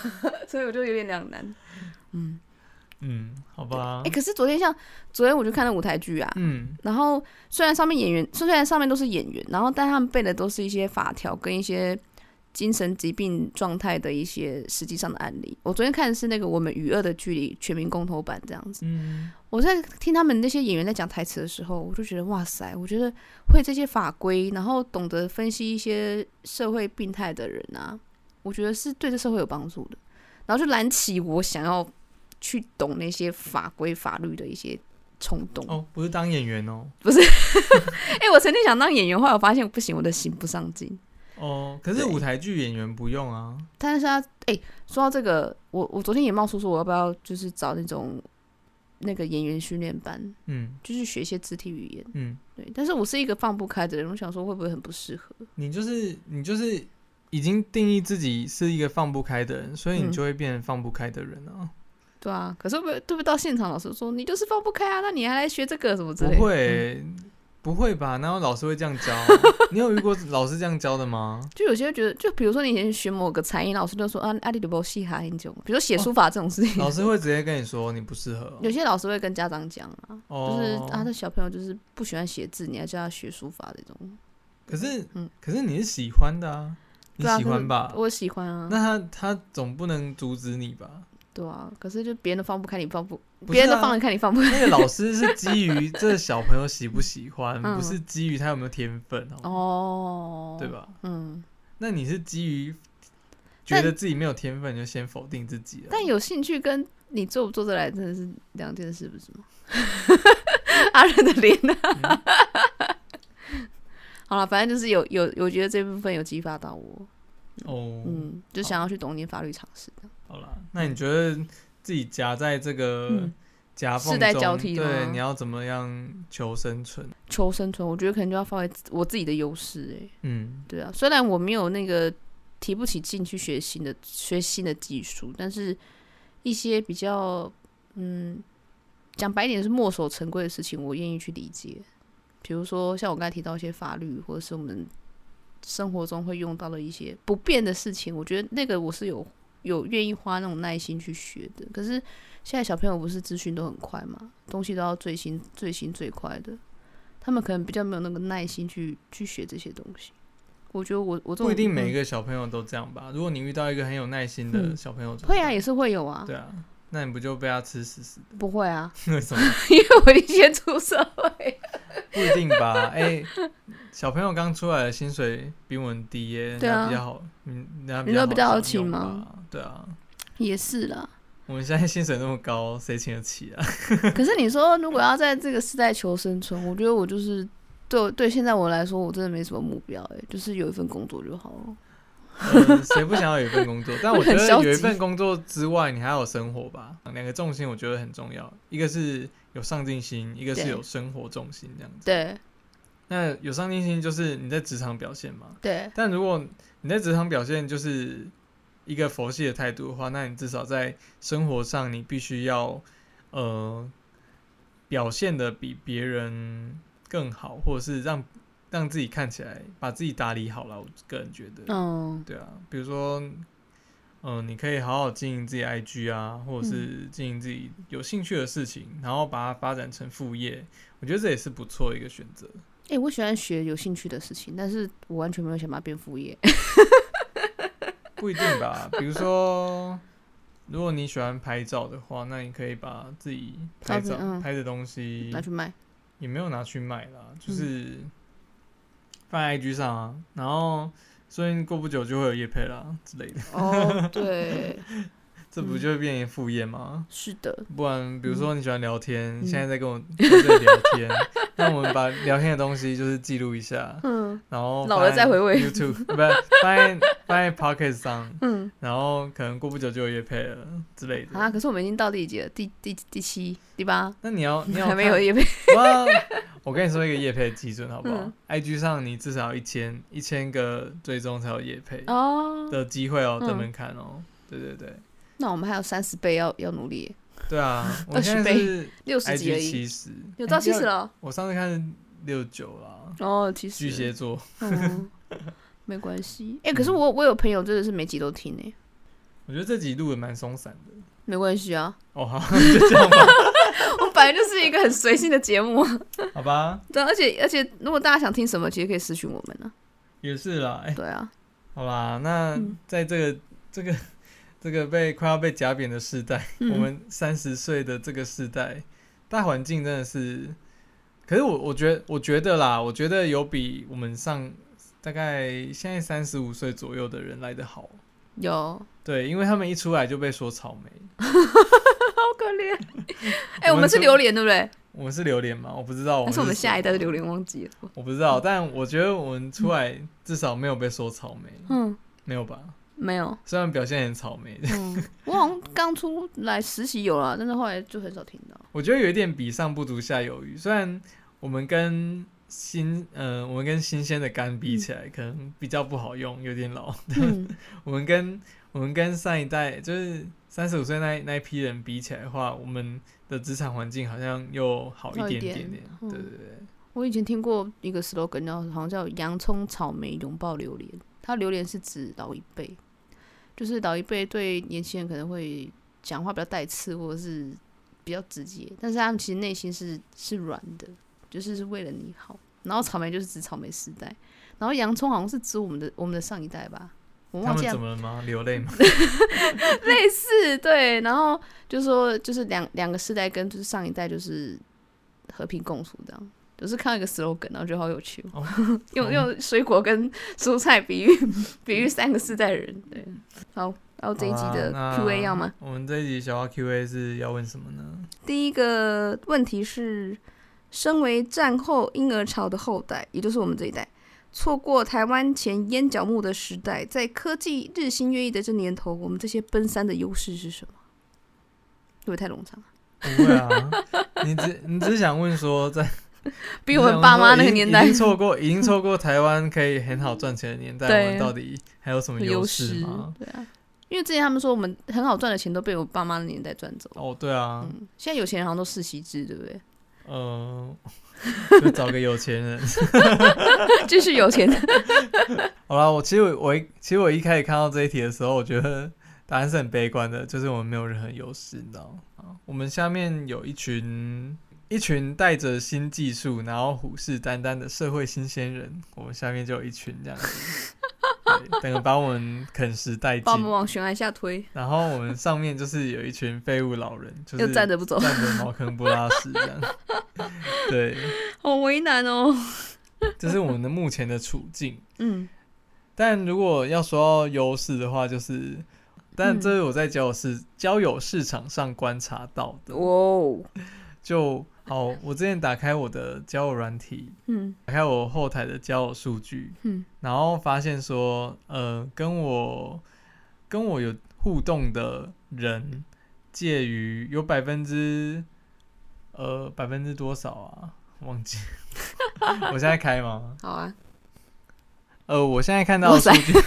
所以我就有點兩難。嗯嗯。好吧，哎、欸，可是昨天像昨天我就看了舞台劇啊，嗯，然後雖然上面演員，雖然上面都是演員，然後但他們背的都是一些法條跟一些精神疾病狀態的一些實際上的案例。我昨天看的是那個《我們與惡的距離》全民公投版這樣子，嗯，我在聽他們那些演員在講台詞的時候，我就覺得哇塞，我覺得會這些法規，然後懂得分析一些社會病態的人啊，我覺得是對這社會有幫助的，然後就燃起我想要。去懂那些法規法律的一些衝動哦，不是當演員哦，不是，哎、 [laughs] 欸，我曾經想當演員話，後來我發現不行，我的心不上進哦。可是舞台劇演員不用啊。但是啊，哎、欸，說到這個，我我昨天也冒出說，我要不要就是找那種那個演員訓練班？嗯，就是學一些肢體語言。嗯，對。但是我是一個放不開的人，我想說會不會很不適合？你就是你就是已經定義自己是一個放不開的人，所以你就會變成放不開的人啊。嗯對啊，可是會不會不到現場？老師說你就是放不開啊，那你還來學這個什麼之類的？不會，嗯、不會吧？哪有老師會這樣教？ [laughs] 你有遇過老師這樣教的嗎？就有些人覺得，就比如說你以前學某個才藝，老師就說啊，你學的不西哈很久。比如寫書法這種事情，哦，老師會直接跟你說你不適合。有些老師會跟家長講啊，哦，就是啊，他這小朋友就是不喜歡寫字，你還叫他學書法這種。可是，嗯，可是你是喜歡的啊，你喜歡吧？啊、我喜歡啊。那他他總不能阻止你吧？對啊，可是就別人都放不開，你放不；別、啊、人都放得開，你放不開。那個老師是基於這小朋友喜不喜歡， [laughs] 嗯、不是基於他有沒有天分、嗯、哦，對吧？嗯，那你是基於覺得自己沒有天分就先否定自己了？但有興趣跟你做不做得來真的是兩件事不，不是嗎？阿任的臉， [laughs] 好了，反正就是有有，有覺得這部分有激發到我哦，嗯，就想要去懂點法律常識的。好了，那你覺得自己夾在這個夾縫中，嗯、是在交替，對，你要怎麼樣求生存？求生存，我覺得可能就要放在我自己的優勢。哎，嗯，對啊，雖然我沒有那個提不起勁去學新的、學新的技術，但是一些比較嗯講白一點是墨守成規的事情，我願意去理解。比如說像我剛才提到一些法律，或者是我們生活中會用到的一些不變的事情，我覺得那個我是有。有願意花那種耐心去學的，可是現在小朋友不是資訊都很快嘛？東西都要最新、最新、最快的，他們可能比較沒有那個耐心去去學這些東西。我覺得我我都不一定每一個小朋友都這樣吧、嗯。如果你遇到一個很有耐心的小朋友，會啊，也是會有啊，對啊。那你不就被他吃死死的？不會啊，為什麼？ [laughs] 因為我以前出社會，不一定吧？誒、 [laughs] 欸，小朋友剛出來的薪水比我們低耶、欸， [laughs] 那比較好，啊、嗯，那比較好。你都比較請嗎？對啊，也是啦。我們現在薪水那麼高，誰請得起啊？ [laughs] 可是你說，如果要在這個時代求生存，我覺得我就是對對，現在我來說，我真的沒什麼目標、欸，誒，就是有一份工作就好了。誰、 [laughs] 呃、不想要有一份工作？ [laughs] 但我覺得有一份工作之外，你還有生活吧。兩 [laughs] 個重心，我覺得很重要。一個是有上進心，一個是有生活重心這樣子。對。那有上進心就是你在職場表現嘛？對。但如果你在職場表現就是一個佛系的態度的話，那你至少在生活上你必須要呃表現得比別人更好，或者是讓。讓自己看起來把自己打理好了，我個人覺得，oh. 對啊，比如說，嗯、呃，你可以好好經營自己 IG 啊，或者是經營自己有興趣的事情、嗯，然後把它發展成副業，我覺得這也是不錯的一個選擇。哎、欸，我喜歡學有興趣的事情，但是我完全沒有想把它變副業。 [laughs] 不一定吧？比如說，如果你喜歡拍照的話，那你可以把自己拍照，照、嗯、拍的東西拿去賣，也沒有拿去賣啦，就是。嗯放在 IG 上啊，然後所以過不久就會有業配了之類的。哦、oh,，對， [laughs] 這不就會變成副業嗎？嗯、是的。不然，比如說你喜歡聊天，嗯、現在在跟我在聊天，聊天、嗯，那我們把聊天的東西就是記錄一下，嗯、然後老了再回味 YouTube，不在在 Podcast 上、嗯，然後可能過不久就有業配了之類的。啊，可是我們已經到第幾了？第第第七、第八？那你要你要還沒有業配？我跟你說一個業配的基準，好不好、okay. 嗯、IG 上你至少一千一千個追蹤才有業配的機，喔，哦的機會哦的門看哦，喔、嗯，對對對。那我們還有三十倍要要努力。對啊，我們現在是六十級七十，有到七十了。我上次看六九了。哦，其實巨蟹座， [laughs] 嗯、沒關係。哎、欸，可是我我有朋友真的是每集都聽哎、欸。我覺得這幾集也蠻鬆散的。沒關係啊。哦、oh, [laughs] 就這樣吧。 [laughs] 本來就是一個很隨性的節目，好吧？ [laughs] 對，而且而且，如果大家想聽什麼，其實可以私訊我們呢。也是啦，哎、欸，對啊，好啦，那、嗯、在這個這個這個被快要被夾扁的時代、嗯，我們三十歲的這個時代，大環境真的是，可是我我覺得我覺得啦，我覺得有比我們上大概現在三十五歲左右的人來得好，有，對，因為他們一出來就被說草莓。 [laughs] 榴 [laughs] 蓮、欸，哎 [laughs] 們出， [laughs] 我們是榴蓮對不對？我們是榴蓮嗎？我不知道，但是我們下一代的榴蓮忘記了。我不知道， [laughs] 但我覺得我們出來至少沒有被說草莓，嗯，沒有吧？沒有，雖然表現很草莓、嗯、 [laughs] 我好像剛出來實習有了， [laughs] 但是後來就很少聽到。我覺得有一點比上不足下有餘，雖然我們跟新，嗯、呃，我們跟新鮮的肝比起來、嗯，可能比較不好用，有點老。但嗯、 [laughs] 我們跟我們跟上一代，就是三十五歲那那一批人比起來的話，我們的職場環境好像又好一點點一點、嗯。對對對，我以前聽過一個 slogan，叫好像叫“洋蔥、草莓、擁抱榴蓮”。它榴蓮是指老一輩，就是老一輩對年輕人可能會講話比較帶刺，或者是比較直接，但是他們其實內心是是軟的，就是是為了你好。然後草莓就是指草莓時代，然後洋蔥好像是指我們的我們的上一代吧。我忘記了他們怎麼了嗎？流淚嗎？ [laughs] 類似。對，然後就說就是兩兩個世代跟就是上一代就是和平共處這樣。就是看到一個 slogan，然後覺得好有趣，哦，哦， [laughs] 用用水果跟蔬菜比喻比喻三個世代的人。對，好，然後這一集的 Q&A 要嗎？啊，我們這一集小花 Q&A 是要問什麼呢？第一個問題是，身為戰後嬰兒潮的後代，也就是我們這一代，錯過台灣錢淹腳目的時代，在科技日新月異的這年頭，我們這些奔三的優勢是什麼？會不會太冗長？不會啊，你只 [laughs] 你只想問說在，在比我們爸媽那個年代已經錯過已經錯過台灣可以很好賺錢的年代，嗯，我們到底還有什麼優勢嗎？對啊，因為之前他們說我們很好賺的錢都被我爸媽的年代賺走了。哦，對啊，嗯，現在有錢人好像都世襲制，對不對？嗯、呃。 [laughs] 就找個有錢人，繼 [laughs] 續 [laughs] 有錢人。 [laughs] [laughs] 好了，我其實我，我一其實我一開始看到這一題的時候，我覺得答案是很悲觀的，就是我們沒有任何優勢，你知道嗎？我們下面有一群一群帶着新技術，然後虎視眈眈的社會新鮮人，我們下面就有一群這樣子。 [laughs] 等 [laughs] 把我們啃食殆盡，把我們往懸崖下推，然後我們上面就是有一群廢物老人，就是站着不走， [laughs] 佔着茅坑不拉屎，這樣。對，好為難哦。這是我們的目前的處境。嗯，但如果要說優勢的話，就是，但這是我在交友交友市場上觀察到的哦，就。好、oh, okay.，我之前打開我的交友軟體、嗯，打開我後台的交友數據、嗯，然後發現說，呃，跟我跟我有互動的人，介於有百分之呃百分之多少啊？忘記， [laughs] 我現在開嗎？ [laughs] 好啊，呃，我現在看到的數據。 [laughs]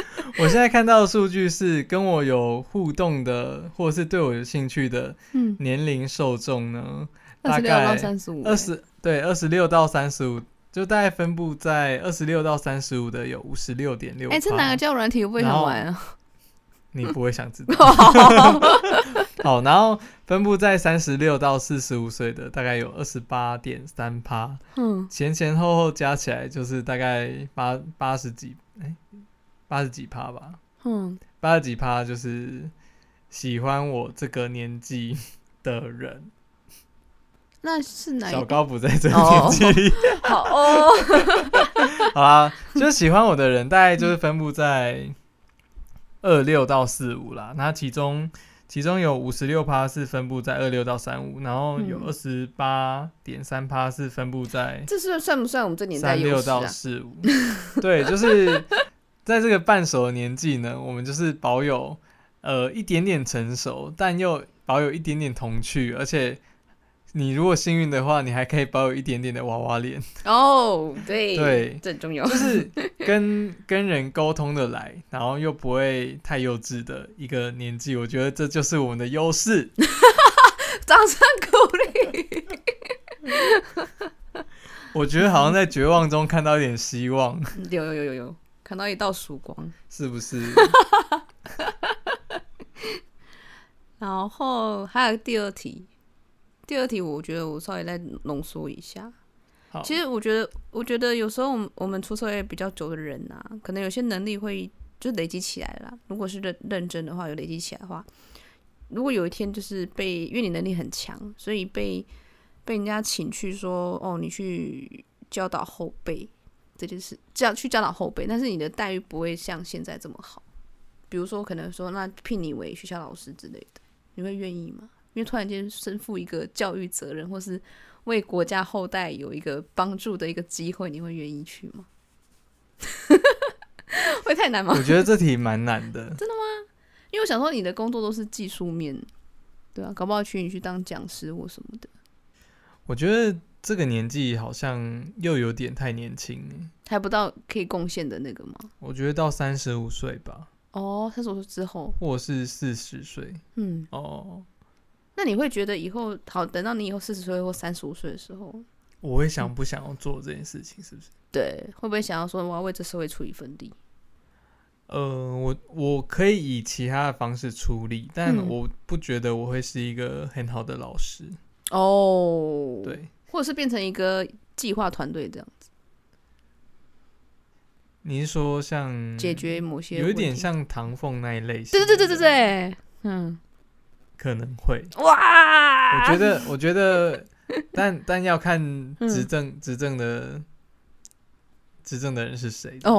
[laughs] [laughs] 我現在看到的數據是跟我有互動的，或者是對我有興趣的年齡受眾呢、嗯？大概二十六到三十五，二十對二十六到三十五，就大概分布在二十六到三十五的有五十六點六。哎，這哪個叫軟體我不會想玩啊？ [laughs] 你不會想知道？ [laughs] [laughs] [laughs] 好，然後分布在三十六到四十五歲的大概有二十八點三趴。嗯，前前後後加起來就是大概八八十幾。哎、欸。八十幾趴吧，嗯，八十幾趴就是喜歡我這個年紀的人。那是哪？小高不在這年紀，oh,。Oh, oh, oh. [laughs] 好哦，好啦，就是喜歡我的人，大概就是分布在二六到四五啦。那 [laughs] 其中，其中有五十六趴是分布在二六到三五，然後有二十八點三趴是分布在。這是算不算我們這年代，三六到四五？對，就是。在這個半熟的年紀呢，我們就是保有呃一點點成熟，但又保有一點點童趣，而且你如果幸運的話，你還可以保有一點點的娃娃臉哦、oh,。對對，這很重要。就是跟 [laughs] 跟人溝通的來，然後又不會太幼稚的一個年紀，我覺得這就是我們的優勢。 [laughs] 掌聲聲鼓勵。 [laughs] [laughs] 我覺得好像在絕望中看到一點希望。 [laughs] 有有有有有。看到一道曙光，是不是？ [laughs] 然後還有第二題，第二題我覺得我稍微再濃縮一下。其實我覺得，我覺得有時候我們出社會比較久的人啊，可能有些能力會就累積起來了。如果是認認真的話，有累積起來的話，如果有一天就是被因為你能力很強，所以被被人家請去說哦，你去教導後輩。這件事這樣去教導後輩，但是你的待遇不會像現在這麼好。比如說，可能說那聘你為學校老師之類的，你會願意嗎？因為突然間身負一個教育責任，或是為國家後代有一個幫助的一個機會，你會願意去嗎？ [laughs] 會太難嗎？我覺得這題蠻難的。 [laughs] 真的嗎？因為我想說，你的工作都是技術面，對啊，搞不好請你去當講師或什麼的。我覺得。這個年紀好像又有點太年輕，還不到可以貢獻的那個嗎？我覺得到三十五歲吧。哦，三十五歲之後，我是四十歲。嗯，哦，那你會覺得以後好？等到你以後四十歲或三十五歲的時候，我會想不想要做這件事情？是不是、嗯？對，會不會想要說我要為這社會出一份力？呃，我我可以以其他的方式出力，但我不覺得我會是一個很好的老師。哦、嗯，對。哦或者是變成一個計劃團隊這樣子。你是說像解決某些，有一點像唐鳳那一類型？對對對對對、欸、嗯，可能會。哇！我覺得，我覺得， [laughs] 但但要看執政執政的執政的人是誰？哦、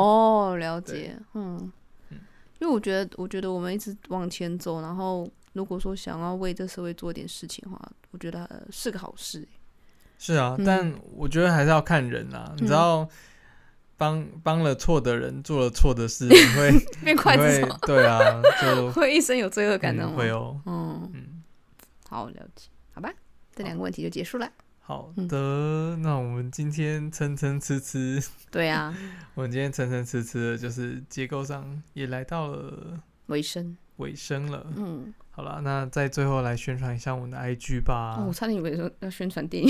oh,，了解，嗯嗯，因為我覺得，我覺得我們一直往前走，然後如果說想要為這社會做一點事情的話，我覺得、呃、是個好事。是啊、嗯，但我覺得還是要看人啊。嗯、你知道，幫幫了錯的人，做了錯的事，嗯、你會 [laughs] 你會對啊，就 [laughs] 會一生有罪惡感的嗎、嗯。會哦，嗯嗯，好了解，好吧？好這兩個問題就結束了。好的，嗯、那我們今天撐撐吃吃，對啊， [laughs] 我們今天撐撐吃吃的就是結構上也來到了尾聲，尾聲了，嗯。好了，那在最後來宣傳一下我們的 IG 吧、哦。我差點以為說要宣傳電影。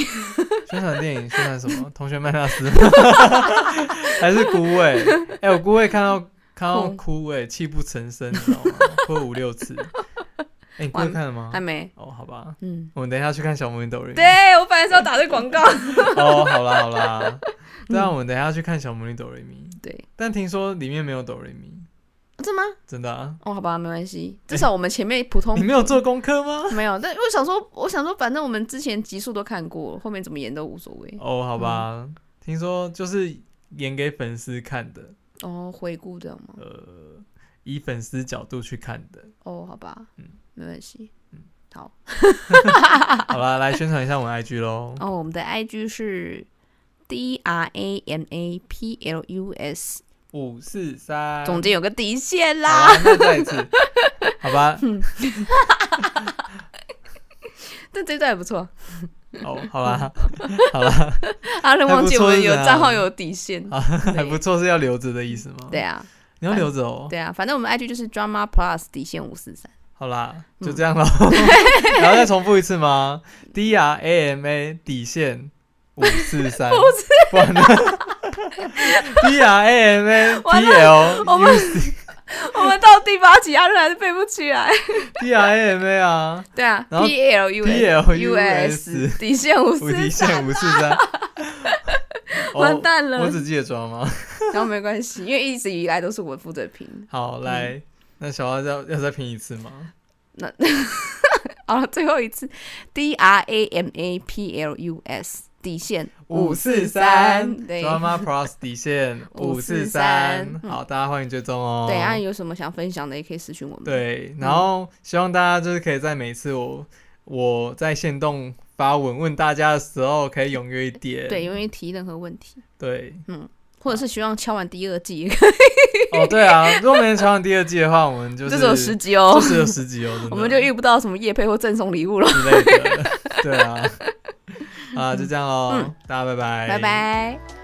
宣傳電影？宣傳什麼？ [laughs] 同學麥娜絲。 [laughs] [laughs] 還是孤味？哎、欸，我孤味看到看到枯萎哭哎，泣不成聲，你知道嗎？ [laughs] 哭了五六次。哎、欸，你孤味看了嗎？還沒。哦，好吧。嗯。我們等一下去看小《小魔女哆瑞咪》。對我本來是要打這廣告。 [laughs] 哦，好了好了。對啊、嗯，我們等一下去看小《小魔女哆瑞咪》。對。但聽說裡面沒有哆瑞咪。真的嗎？真的啊！哦，好吧，沒關係。至少我們前面普通，你沒有做功課嗎？沒有，但我想說，我想說，反正我們之前集數都看過，後面怎麼演都無所謂。哦，好吧。聽說就是演給粉絲看的哦，回顧這樣嗎？呃，以粉絲角度去看的。哦，好吧，嗯，沒關係，嗯，好。好吧，來宣傳一下我們的 IG 嘍。哦，我們的 IG 是 D R A M A P L U S。五四三，總之有個底線啦。好、啊，那再一次， [laughs] 好吧。哈、嗯、哈 [laughs] [laughs] 這段也不錯。哦，好啦，嗯、好啦，阿倫忘記我們有賬號有底線，還不錯，不錯是要留着的意思嗎？對啊，你要留着哦。對啊，反正我們 IG 就是 Drama Plus 底線五四三。好啦，就這樣嘍。然、嗯、後 [laughs] 再重複一次嗎 [laughs] ？Drama 底線五四三，不 [laughs] D [laughs] R A M A，完了，P -L 我們我們到第八集、啊、 [laughs] 還是背不起來。D [laughs] R A M A 啊，對啊。P L U S，, -L -U -S, -L -U -S US, 底線、啊、無私，底線無私啊、 [laughs] 哦，完蛋了。我只記得抓嗎？ [laughs] 然後沒關係，因為一直以來都是我負責拼。好，來，嗯、那小花要要再拼一次嗎？那啊， [laughs] 最後一次，D R A M A P L U S。底線五四三，drama pros 底線五四三，好，大家歡迎追蹤哦。對。下、啊、有什麼想分享的，也可以私訊我們。對，然後、嗯、希望大家就是可以在每次我我在限動發文問大家的時候，可以踴躍一點，對，踴躍提任何問題。對，嗯，或者是希望敲完第二季也可以。啊、 [laughs] 哦，對啊，如果沒敲完第二季的話，我們就是 [laughs] 這只有十集哦，只有十集哦， [laughs] 我們就遇不到什麼業配或贈送禮物了之類，類的。對啊。 [laughs] [laughs] 啊，就這樣嘍。嗯，大家拜拜，拜拜。